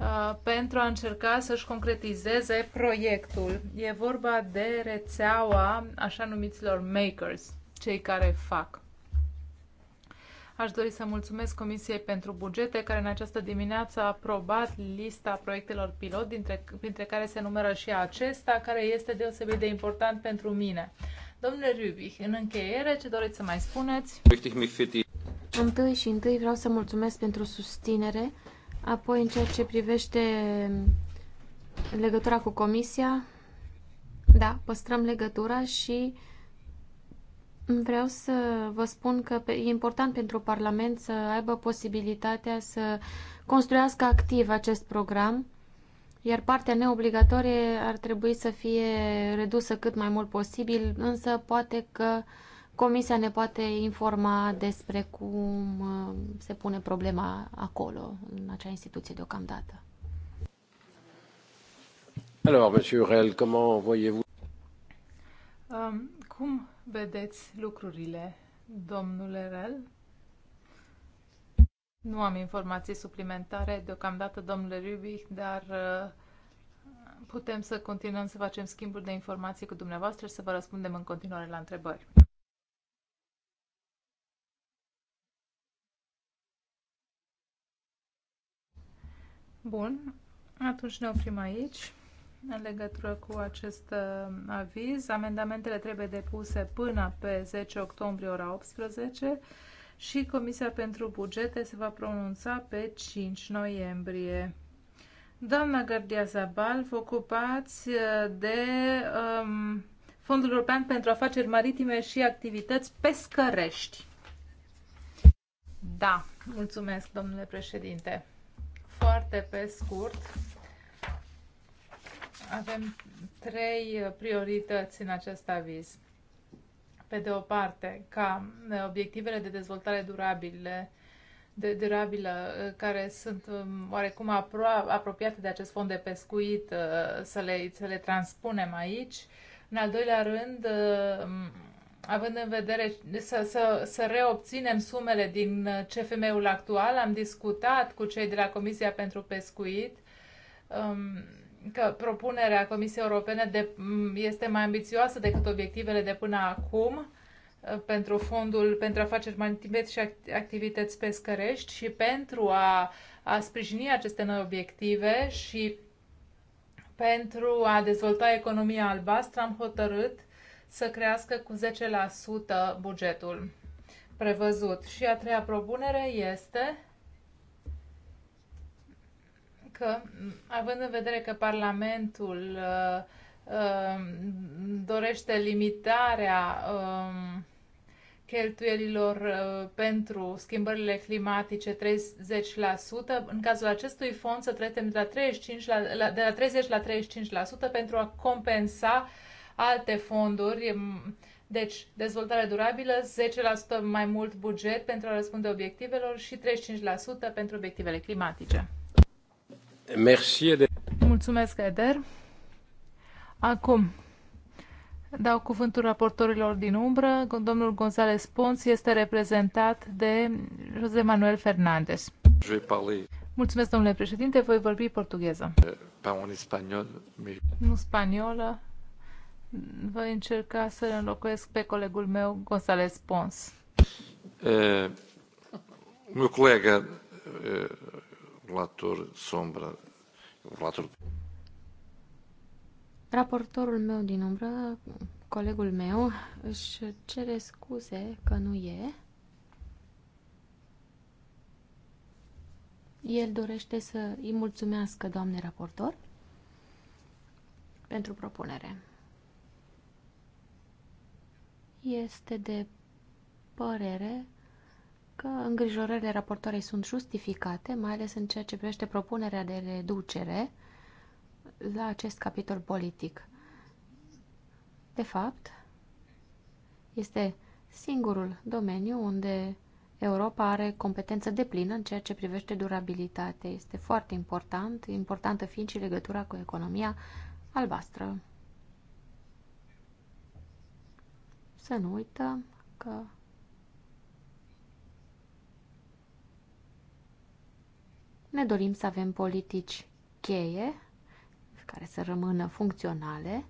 Speaker 1: Uh, pentru a încerca să-și concretizeze proiectul. E vorba de rețeaua așa numiților makers, cei care fac. Aș dori să mulțumesc Comisiei pentru bugete, care în această dimineață a aprobat lista proiectelor pilot, dintre, printre care se numără și acesta, care este deosebit de important pentru mine. Domnule Rubich,
Speaker 4: în încheiere, ce doriți să mai spuneți? Întâi și întâi vreau să mulțumesc pentru susținere Apoi, în ceea ce privește legătura cu comisia, da, păstrăm legătura și vreau să vă spun că e important pentru Parlament să aibă posibilitatea să construiască activ acest program, iar partea neobligatorie ar trebui să fie redusă cât mai mult posibil, însă poate că uh, Comisia ne poate informa despre cum uh, se pune problema acolo, în acea instituție deocamdată.
Speaker 2: Alors, monsieur Rel, comment voyez-vous?
Speaker 4: Um, cum
Speaker 1: vedeți lucrurile, domnule Rel? Nu am informații suplimentare deocamdată, domnule Ruby, dar uh, putem să continuăm să facem schimburi de informații cu dumneavoastră și să vă răspundem în continuare la întrebări. Bun, atunci ne oprim aici în legătură cu acest uh, aviz. Amendamentele trebuie depuse până pe 10 octombrie ora 18 și Comisia pentru Bugete se va pronunța pe 5 noiembrie. Doamna Gărdia Zabal, vă ocupați uh, de um, Fondul European pentru Afaceri Maritime și Activități Pescărești. Da, mulțumesc, domnule președinte foarte pe scurt. Avem trei priorități în acest aviz. Pe de o parte, ca uh, obiectivele de dezvoltare durabile de durabilă, uh, care sunt um, oarecum apro- apropiate de acest fond de pescuit, uh, să le, să le transpunem aici. În al doilea rând, având în vedere să, să, să reobținem sumele din CFM-ul actual, am discutat cu cei de la Comisia pentru Pescuit um, că propunerea Comisiei Europene de, este mai ambițioasă decât obiectivele de până acum uh, pentru fondul pentru afaceri maritime și activități pescărești și pentru a, a sprijini aceste noi obiective și pentru a dezvolta economia albastră am hotărât să crească cu 10% bugetul prevăzut. Și a treia propunere este că, având în vedere că Parlamentul uh, uh, dorește limitarea um, uh, cheltuielilor pentru schimbările climatice 30%, în cazul acestui fond să trecem de la, 35 la, de la 30 la 35% pentru a compensa uh, alte fonduri. Deci, dezvoltare durabilă, 10% mai mult buget pentru a răspunde obiectivelor și 35% pentru obiectivele climatice. Merci, Eder. Mulțumesc, Eder. Acum, dau cuvântul raportorilor din umbră. Domnul González Pons este reprezentat de José Manuel Fernández. Mulțumesc, domnule președinte. Voi vorbi portugheză. Nu spaniolă, voi încerca să îl înlocuiesc pe colegul meu, González Pons.
Speaker 2: Eh, meu colega, eh, relator Sombra, relator...
Speaker 4: Raportorul meu din umbră, colegul meu, își cere scuze că nu e. El dorește să îi mulțumească, doamne raportor, pentru propunere este de părere că îngrijorările raportoarei sunt justificate, mai ales în ceea ce privește propunerea de reducere la acest capitol politic. De fapt, este singurul domeniu unde Europa are competență deplină în ceea ce privește durabilitatea. Este foarte important, importantă fiind și legătura cu economia albastră. Să nu uităm că ne dorim să avem politici cheie care să rămână funcționale,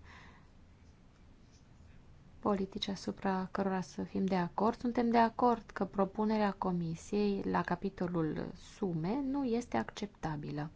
Speaker 4: politici asupra cărora să fim de acord. Suntem de acord că propunerea Comisiei la capitolul sume nu este acceptabilă.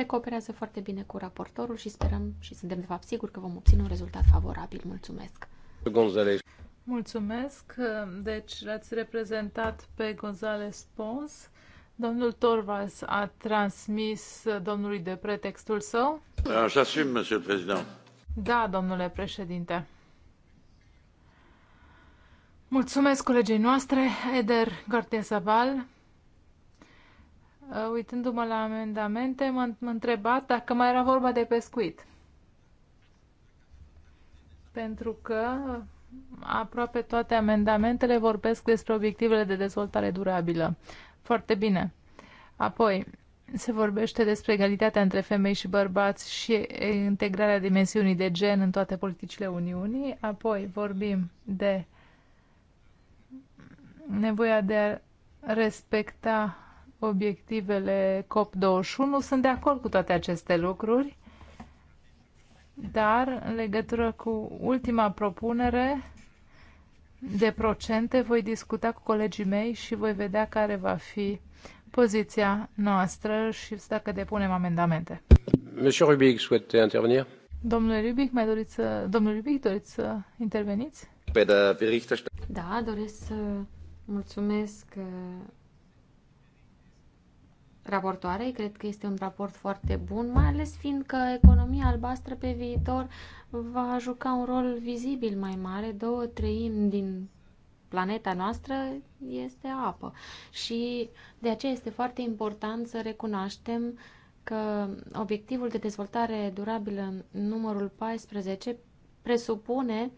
Speaker 4: se cooperează foarte bine cu raportorul și sperăm și suntem de fapt siguri că vom obține un rezultat favorabil. Mulțumesc!
Speaker 2: Gonzalez.
Speaker 1: Mulțumesc! Deci l-ați reprezentat pe Gonzales Pons. Domnul Torvalds a transmis domnului de pretextul său?
Speaker 2: J'assume, monsieur domnule președinte.
Speaker 1: Da, domnule președinte. Mulțumesc colegii noastre, Eder Gartia Uh, uitându-mă la amendamente, m-am întrebat dacă mai era vorba de pescuit. Pentru că aproape toate amendamentele vorbesc despre obiectivele de dezvoltare durabilă. Foarte bine. Apoi, se vorbește despre egalitatea între femei și bărbați și integrarea dimensiunii de gen în toate politicile Uniunii. Apoi vorbim de nevoia de a respecta obiectivele COP21. Sunt de acord cu toate aceste lucruri, dar în legătură cu ultima propunere de procente voi discuta cu colegii mei și voi vedea care va fi poziția noastră și dacă depunem amendamente.
Speaker 2: Monsieur Rubic, souhaitez intervenir?
Speaker 1: Domnule Rubic, mai doriți să, domnule Rubic, doriți să interveniți?
Speaker 4: Da, doresc să mulțumesc uh, raportoarei. Cred că este un raport foarte bun, mai ales fiindcă economia albastră pe viitor va juca un rol vizibil mai mare. Două treimi din planeta noastră este apă. Și de aceea este foarte important să recunoaștem că obiectivul de dezvoltare durabilă numărul 14 presupune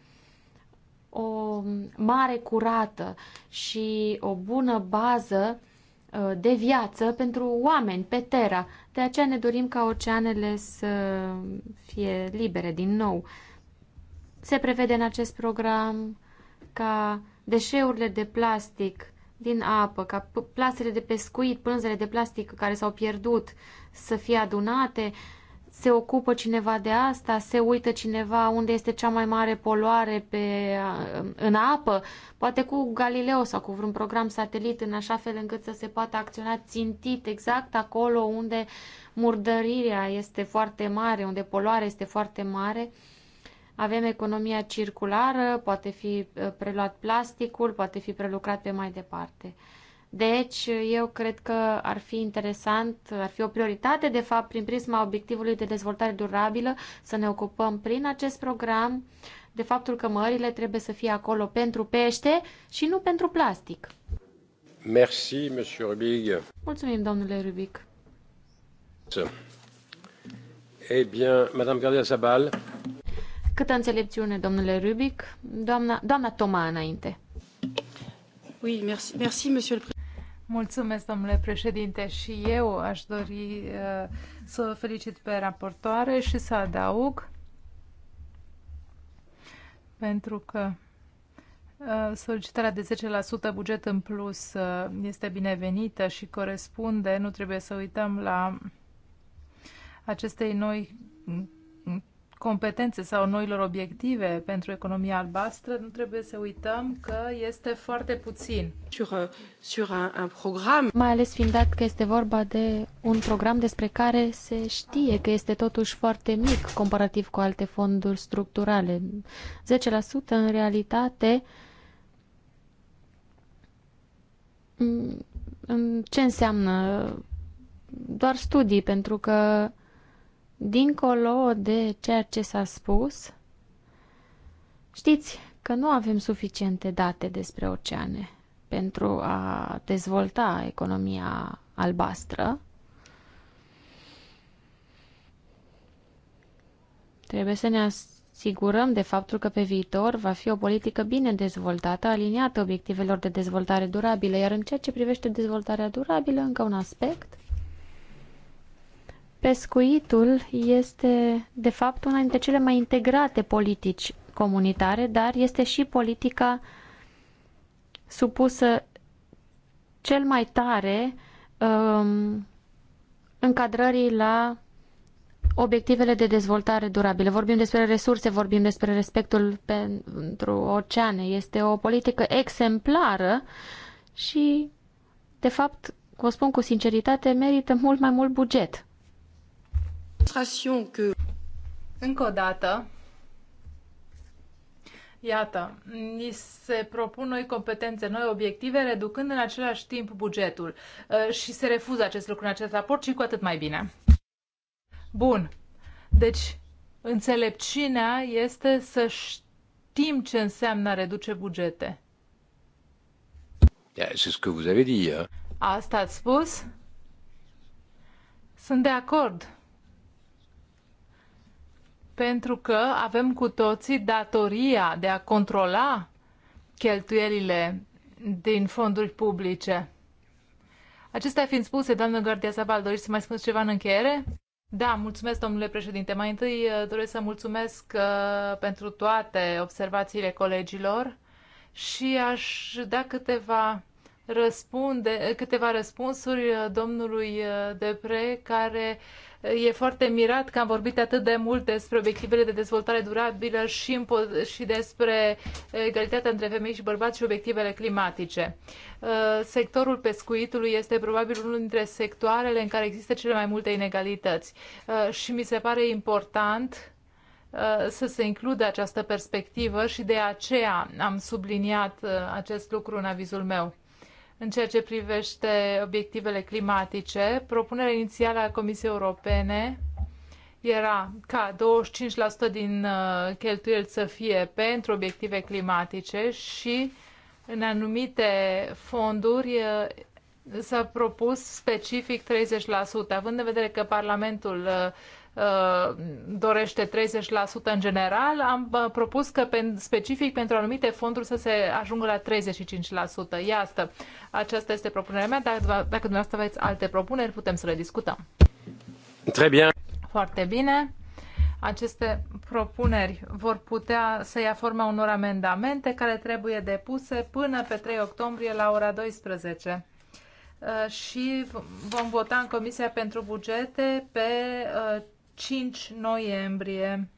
Speaker 4: o mare curată și o bună bază Uh, de viață pentru oameni pe Terra. De aceea ne dorim ca oceanele să fie libere din nou. Se prevede în acest program ca deșeurile de plastic din apă, ca plasele de pescuit, pânzele de plastic care s-au pierdut să fie adunate, se ocupă cineva de asta, se uită cineva unde este cea mai mare poluare pe, în apă, poate cu Galileo sau cu vreun program satelit, în așa fel încât să se poată acționa țintit exact acolo unde murdărirea este foarte mare, unde poluarea este foarte mare. Avem economia circulară, poate fi eh, preluat plasticul, poate fi prelucrat pe mai departe. Deci, eu cred că ar fi interesant, ar fi o prioritate, de fapt, prin prisma obiectivului de dezvoltare durabilă, să ne ocupăm prin acest program de faptul că mările trebuie să fie acolo pentru pește și nu pentru plastic.
Speaker 2: Merci, monsieur Rubic.
Speaker 4: Mulțumim, domnule Rubic.
Speaker 2: Eh bien, madame Gardia Zabal.
Speaker 4: Câtă înțelepciune, domnule Rubic. Doamna, doamna Toma, înainte. Oui, merci, merci, monsieur le Mulțumesc,
Speaker 1: domnule președinte, și eu aș dori uh, să o felicit pe raportoare și să adaug pentru că uh, solicitarea de 10% buget în plus uh, este binevenită și corespunde, nu trebuie să uităm la acestei noi competențe sau noilor obiective pentru economia albastră, nu trebuie să uităm că este foarte puțin. Sur, uh, sur un, un
Speaker 4: program. Mai ales fiind dat că este vorba de un program despre care se știe că este totuși foarte mic comparativ cu alte fonduri structurale. 10% în realitate mm, mm, ce înseamnă doar studii, pentru că Dincolo de ceea ce s-a spus, știți că nu avem suficiente date despre oceane pentru a dezvolta economia albastră. Trebuie să ne asigurăm de faptul că pe viitor va fi o politică bine dezvoltată, aliniată obiectivelor de dezvoltare durabilă, iar în ceea ce privește dezvoltarea durabilă, încă un aspect – Pescuitul este, de fapt, una dintre cele mai integrate politici comunitare, dar este și politica supusă cel mai tare um, încadrării la obiectivele de dezvoltare durabilă. Vorbim despre resurse, vorbim despre respectul pentru oceane. Este o politică exemplară și, de fapt, vă spun cu sinceritate, merită mult mai mult buget.
Speaker 1: Încă o dată, Iată, ni se propun noi competențe, noi obiective, reducând în același timp bugetul. Uh, și se refuză acest lucru în acest raport și cu atât mai bine. Bun. Deci, înțelepciunea este să știm ce înseamnă a reduce bugete.
Speaker 2: Da, ce
Speaker 1: Asta ați spus? Sunt de acord pentru că avem cu toții datoria de a controla cheltuielile din fonduri publice. Acestea fiind spuse, doamnă Gardia Sabal, doriți să mai spuneți ceva în încheiere? Da, mulțumesc, domnule președinte. Mai întâi uh, doresc să mulțumesc uh, pentru toate observațiile colegilor și aș da câteva, răspunde, câteva răspunsuri uh, domnului uh, Depre, care uh, e foarte mirat că am vorbit atât de mult despre obiectivele de dezvoltare durabilă și, și despre uh, egalitatea între femei și bărbați și obiectivele climatice. Uh, sectorul pescuitului este probabil unul dintre sectoarele în care există cele mai multe inegalități uh, și mi se pare important să se includă această perspectivă și de aceea am subliniat acest lucru în avizul meu. În ceea ce privește obiectivele climatice, propunerea inițială a Comisiei Europene era ca 25% din uh, cheltuieli să fie pentru obiective climatice și în anumite fonduri uh, s-a propus specific 30%, având în vedere că Parlamentul uh, Uh, dorește 30% în general, am uh, propus că specific pentru anumite fonduri să se ajungă la 35%. Iată, aceasta este propunerea mea. Dacă, dacă dumneavoastră aveți alte propuneri, putem să le discutăm. Très bien. Foarte bine. Aceste propuneri vor putea să ia forma unor amendamente care trebuie depuse până pe 3 octombrie la ora 12 uh, și vom vota în Comisia pentru Bugete pe 5 noiembrie.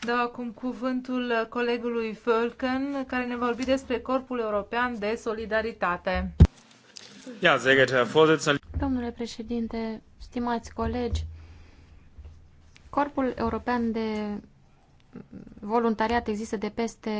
Speaker 1: Dau acum cuvântul colegului Völken, care ne vorbi despre Corpul European de Solidaritate.
Speaker 2: Ja, sehr geehrter Herr Vorsitzender.
Speaker 4: Domnule președinte, stimați colegi, Corpul European de voluntariat există de peste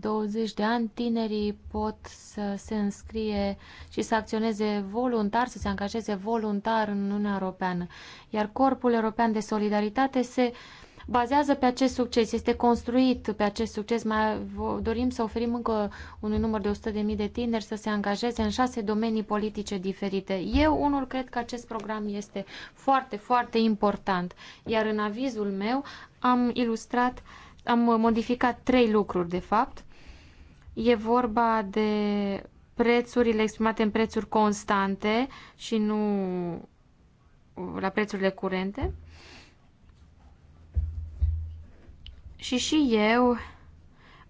Speaker 4: 20 de ani, tinerii pot să se înscrie și să acționeze voluntar, să se angajeze voluntar în Uniunea Europeană. Iar Corpul European de Solidaritate se uh, bazează pe acest succes, este construit pe acest succes. Mai dorim să oferim încă unui număr de 100.000 de tineri să se angajeze în șase domenii politice diferite. Eu, unul, cred că acest program este foarte, foarte important. Iar în avizul meu am ilustrat, am modificat trei lucruri, de fapt. E vorba de prețurile exprimate în prețuri constante și nu la prețurile curente. Și și eu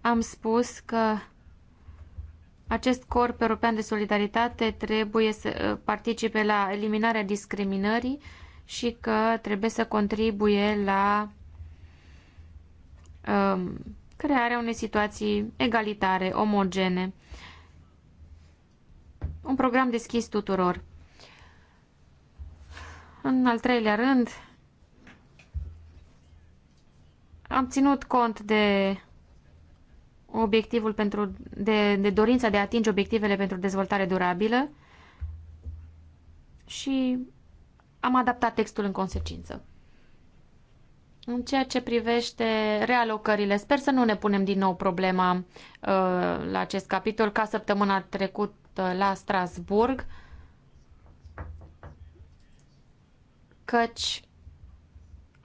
Speaker 4: am spus că acest corp european de solidaritate trebuie să uh, participe la eliminarea discriminării și că trebuie să contribuie la um, crearea unei situații egalitare, omogene. Un program deschis tuturor. În al treilea rând, Am ținut cont de obiectivul pentru, de, de dorința de a atinge obiectivele pentru dezvoltare durabilă și am adaptat textul în consecință. În ceea ce privește realocările, sper să nu ne punem din nou problema uh, la acest capitol, ca săptămâna trecută la Strasburg, căci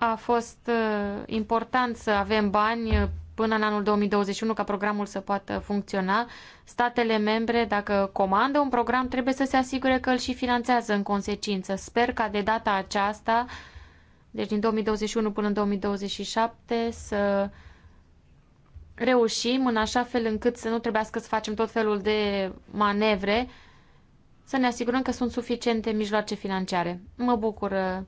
Speaker 4: a fost uh, important să avem bani până în anul 2021 ca programul să poată funcționa. Statele membre, dacă comandă un program, trebuie să se asigure că îl și finanțează în consecință. Sper ca de data aceasta, deci din 2021 până în 2027, să reușim în așa fel încât să nu trebuiască să facem tot felul de manevre, să ne asigurăm că sunt suficiente mijloace financiare. Mă bucur. Uh,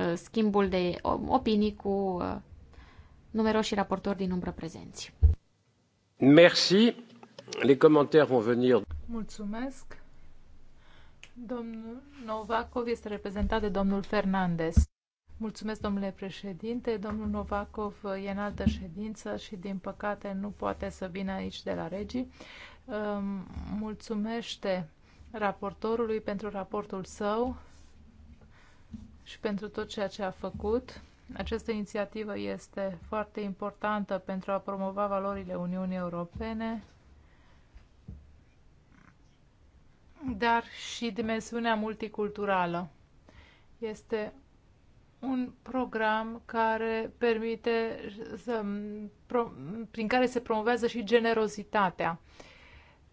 Speaker 4: Uh, schimbul de opinii cu uh, numeroși raportori din umbră prezenți.
Speaker 2: Merci. Les commentaires vont venir.
Speaker 1: Mulțumesc. Domnul Novakov este reprezentat de domnul Fernandez. Mulțumesc, domnule președinte. Domnul Novakov e în altă ședință și, din păcate, nu poate să vină aici de la regii. Mulțumește raportorului pentru raportul său și pentru tot ceea ce a făcut. Această inițiativă este foarte importantă pentru a promova valorile Uniunii Europene, dar și dimensiunea multiculturală. Este un program care permite, să, prin care se promovează și generozitatea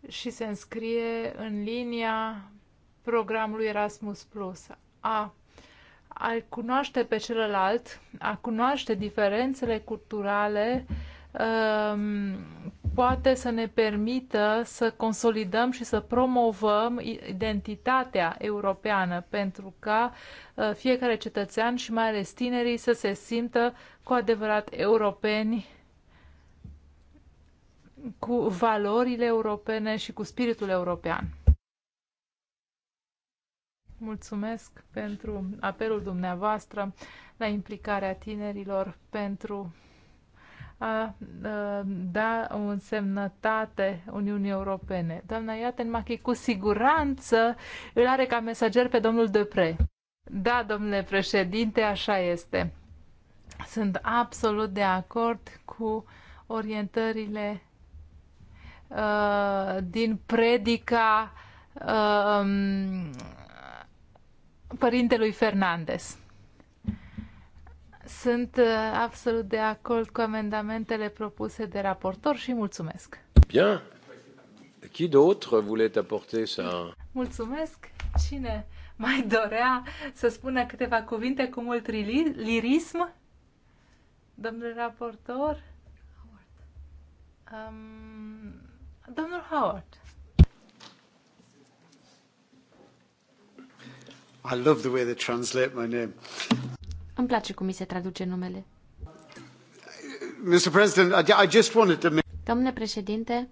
Speaker 1: și se înscrie în linia programului Erasmus+. A a cunoaște pe celălalt, a cunoaște diferențele culturale, um, poate să ne permită să consolidăm și să promovăm identitatea europeană pentru ca uh, fiecare cetățean și mai ales tinerii să se simtă cu adevărat europeni cu valorile europene și cu spiritul european. Mulțumesc pentru apelul dumneavoastră la implicarea tinerilor pentru a da o însemnătate Uniunii Europene. Doamna Iatenmachi, cu siguranță îl are ca mesager pe domnul Depre. Da, domnule președinte, așa este. Sunt absolut de acord cu orientările uh, din predica uh, părintelui Fernandez. Sunt uh, absolut de acord cu amendamentele propuse de raportor și mulțumesc.
Speaker 2: Bien. Qui d'autre voulait apporter ça?
Speaker 1: Mulțumesc. Cine mai dorea să spună câteva cuvinte cu mult lirism? Domnul raportor? Um,
Speaker 4: domnul Howard. I love the way they translate my name. Îmi place cum mi se traduce numele. Mr. President, I just wanted to... Domnule președinte,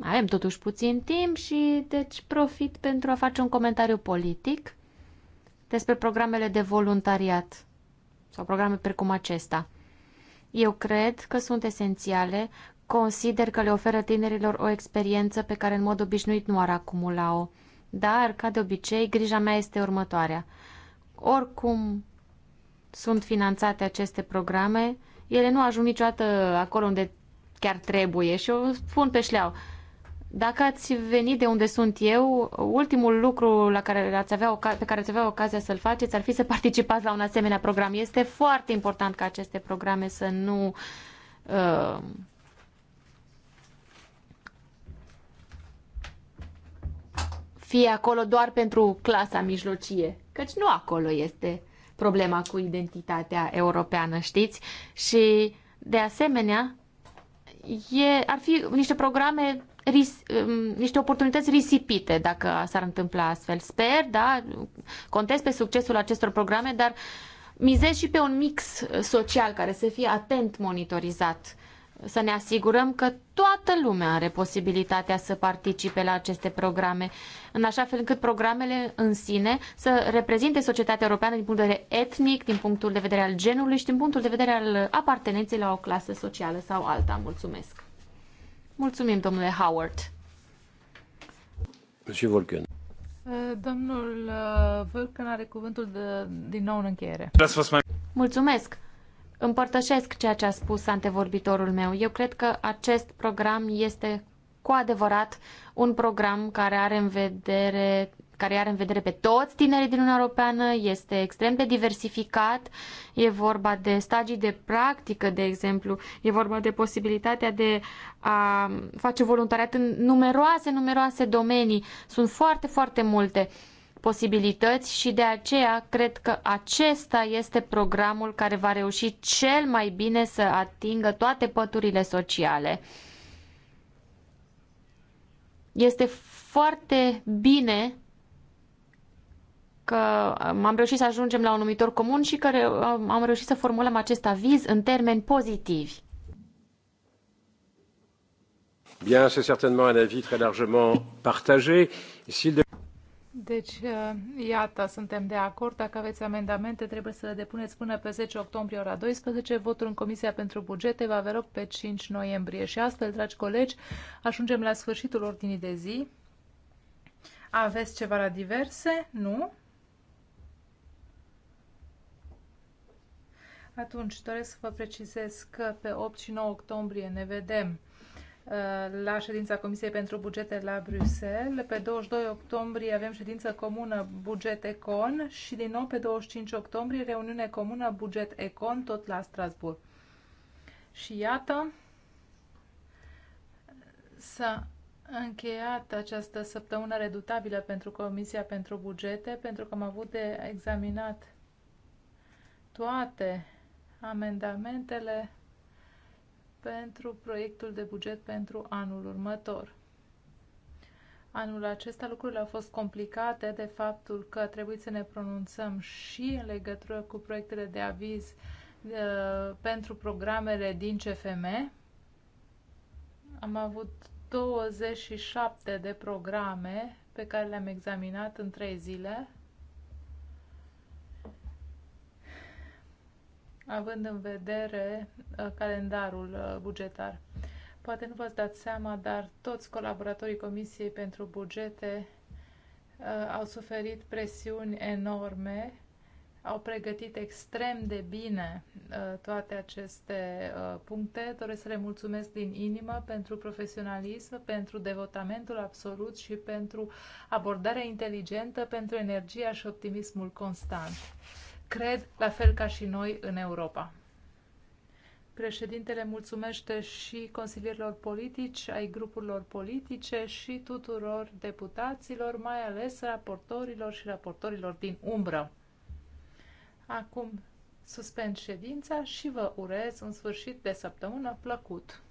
Speaker 4: avem totuși puțin timp și deci profit pentru a face un comentariu politic despre programele de voluntariat sau programe precum acesta. Eu cred că sunt esențiale, consider că le oferă tinerilor o experiență pe care în mod obișnuit nu ar acumula-o. Dar, ca de obicei, grija mea este următoarea. Oricum sunt finanțate aceste programe, ele nu ajung niciodată acolo unde chiar trebuie și o spun pe șleau. Dacă ați venit de unde sunt eu, ultimul lucru la care ați avea pe care ați avea ocazia să-l faceți ar fi să participați la un asemenea program. Este foarte important ca aceste programe să nu uh, fie acolo doar pentru clasa mijlocie, căci nu acolo este problema cu identitatea europeană, știți? Și, de asemenea, e, ar fi niște programe, ris, um, niște oportunități risipite dacă s-ar întâmpla astfel. Sper, da, contez pe succesul acestor programe, dar mizez și pe un mix social care să fie atent monitorizat să ne asigurăm că toată lumea are posibilitatea să participe la aceste programe, în așa fel încât programele în sine să reprezinte societatea europeană din punct de vedere etnic, din punctul de vedere al genului și din punctul de vedere al apartenenței la o clasă socială sau alta. Mulțumesc! Mulțumim, domnule Howard!
Speaker 2: Și Volken.
Speaker 1: Eh, domnul
Speaker 4: eh, Vulcan are cuvântul de, din nou în încheiere. Mulțumesc! Împărtășesc ceea ce a spus antevorbitorul meu. Eu cred că acest program este cu adevărat un program care are în vedere care are în vedere pe toți tinerii din Uniunea Europeană, este extrem de diversificat, e vorba de stagii de practică, de exemplu, e vorba de posibilitatea de a face voluntariat în numeroase, numeroase domenii, sunt foarte, foarte multe. Uh, posibilități și de aceea cred că acesta este programul care va reuși cel mai bine să atingă toate păturile sociale. Este foarte bine că am reușit să ajungem la un numitor comun și că am reușit să formulăm acest aviz în termeni pozitivi.
Speaker 2: Bien, c'est certainement un avis très largement partagé.
Speaker 4: Deci,
Speaker 1: eh, iată, suntem de acord. Dacă aveți amendamente, trebuie să le depuneți până pe 10 octombrie ora 12. Votul în Comisia pentru Bugete va avea loc pe 5 noiembrie. Și astfel, dragi colegi, ajungem la sfârșitul ordinii de zi. Aveți ceva la diverse? Nu? Atunci, doresc să vă precizez că pe 8 și 9 octombrie ne vedem Uh, la ședința Comisiei pentru Bugete la Bruxelles. Pe 22 octombrie avem ședință comună Buget-Econ și din nou pe 25 octombrie reuniune comună Buget-Econ tot la Strasbourg. Și iată, s-a încheiat această săptămână redutabilă pentru Comisia pentru Bugete, pentru că am avut de examinat toate amendamentele pentru proiectul de buget pentru anul următor. Anul acesta lucrurile au fost complicate de faptul că trebuie să ne pronunțăm și în legătură cu proiectele de aviz de, uh, pentru programele din CFM. Am avut 27 de programe pe care le-am examinat în 3 zile având în vedere uh, calendarul uh, bugetar. Poate nu v-ați dat seama, dar toți colaboratorii Comisiei pentru Bugete uh, au suferit presiuni enorme, au pregătit extrem de bine toate aceste puncte. Doresc să le mulțumesc din inimă pentru profesionalism, pentru devotamentul absolut și pentru abordarea inteligentă, pentru energia și optimismul constant cred la fel ca și noi în Europa. Președintele mulțumește și consilierilor politici, ai grupurilor politice și tuturor deputaților, mai ales raportorilor și raportorilor din umbră. Acum suspend ședința și vă urez un sfârșit de săptămână plăcut.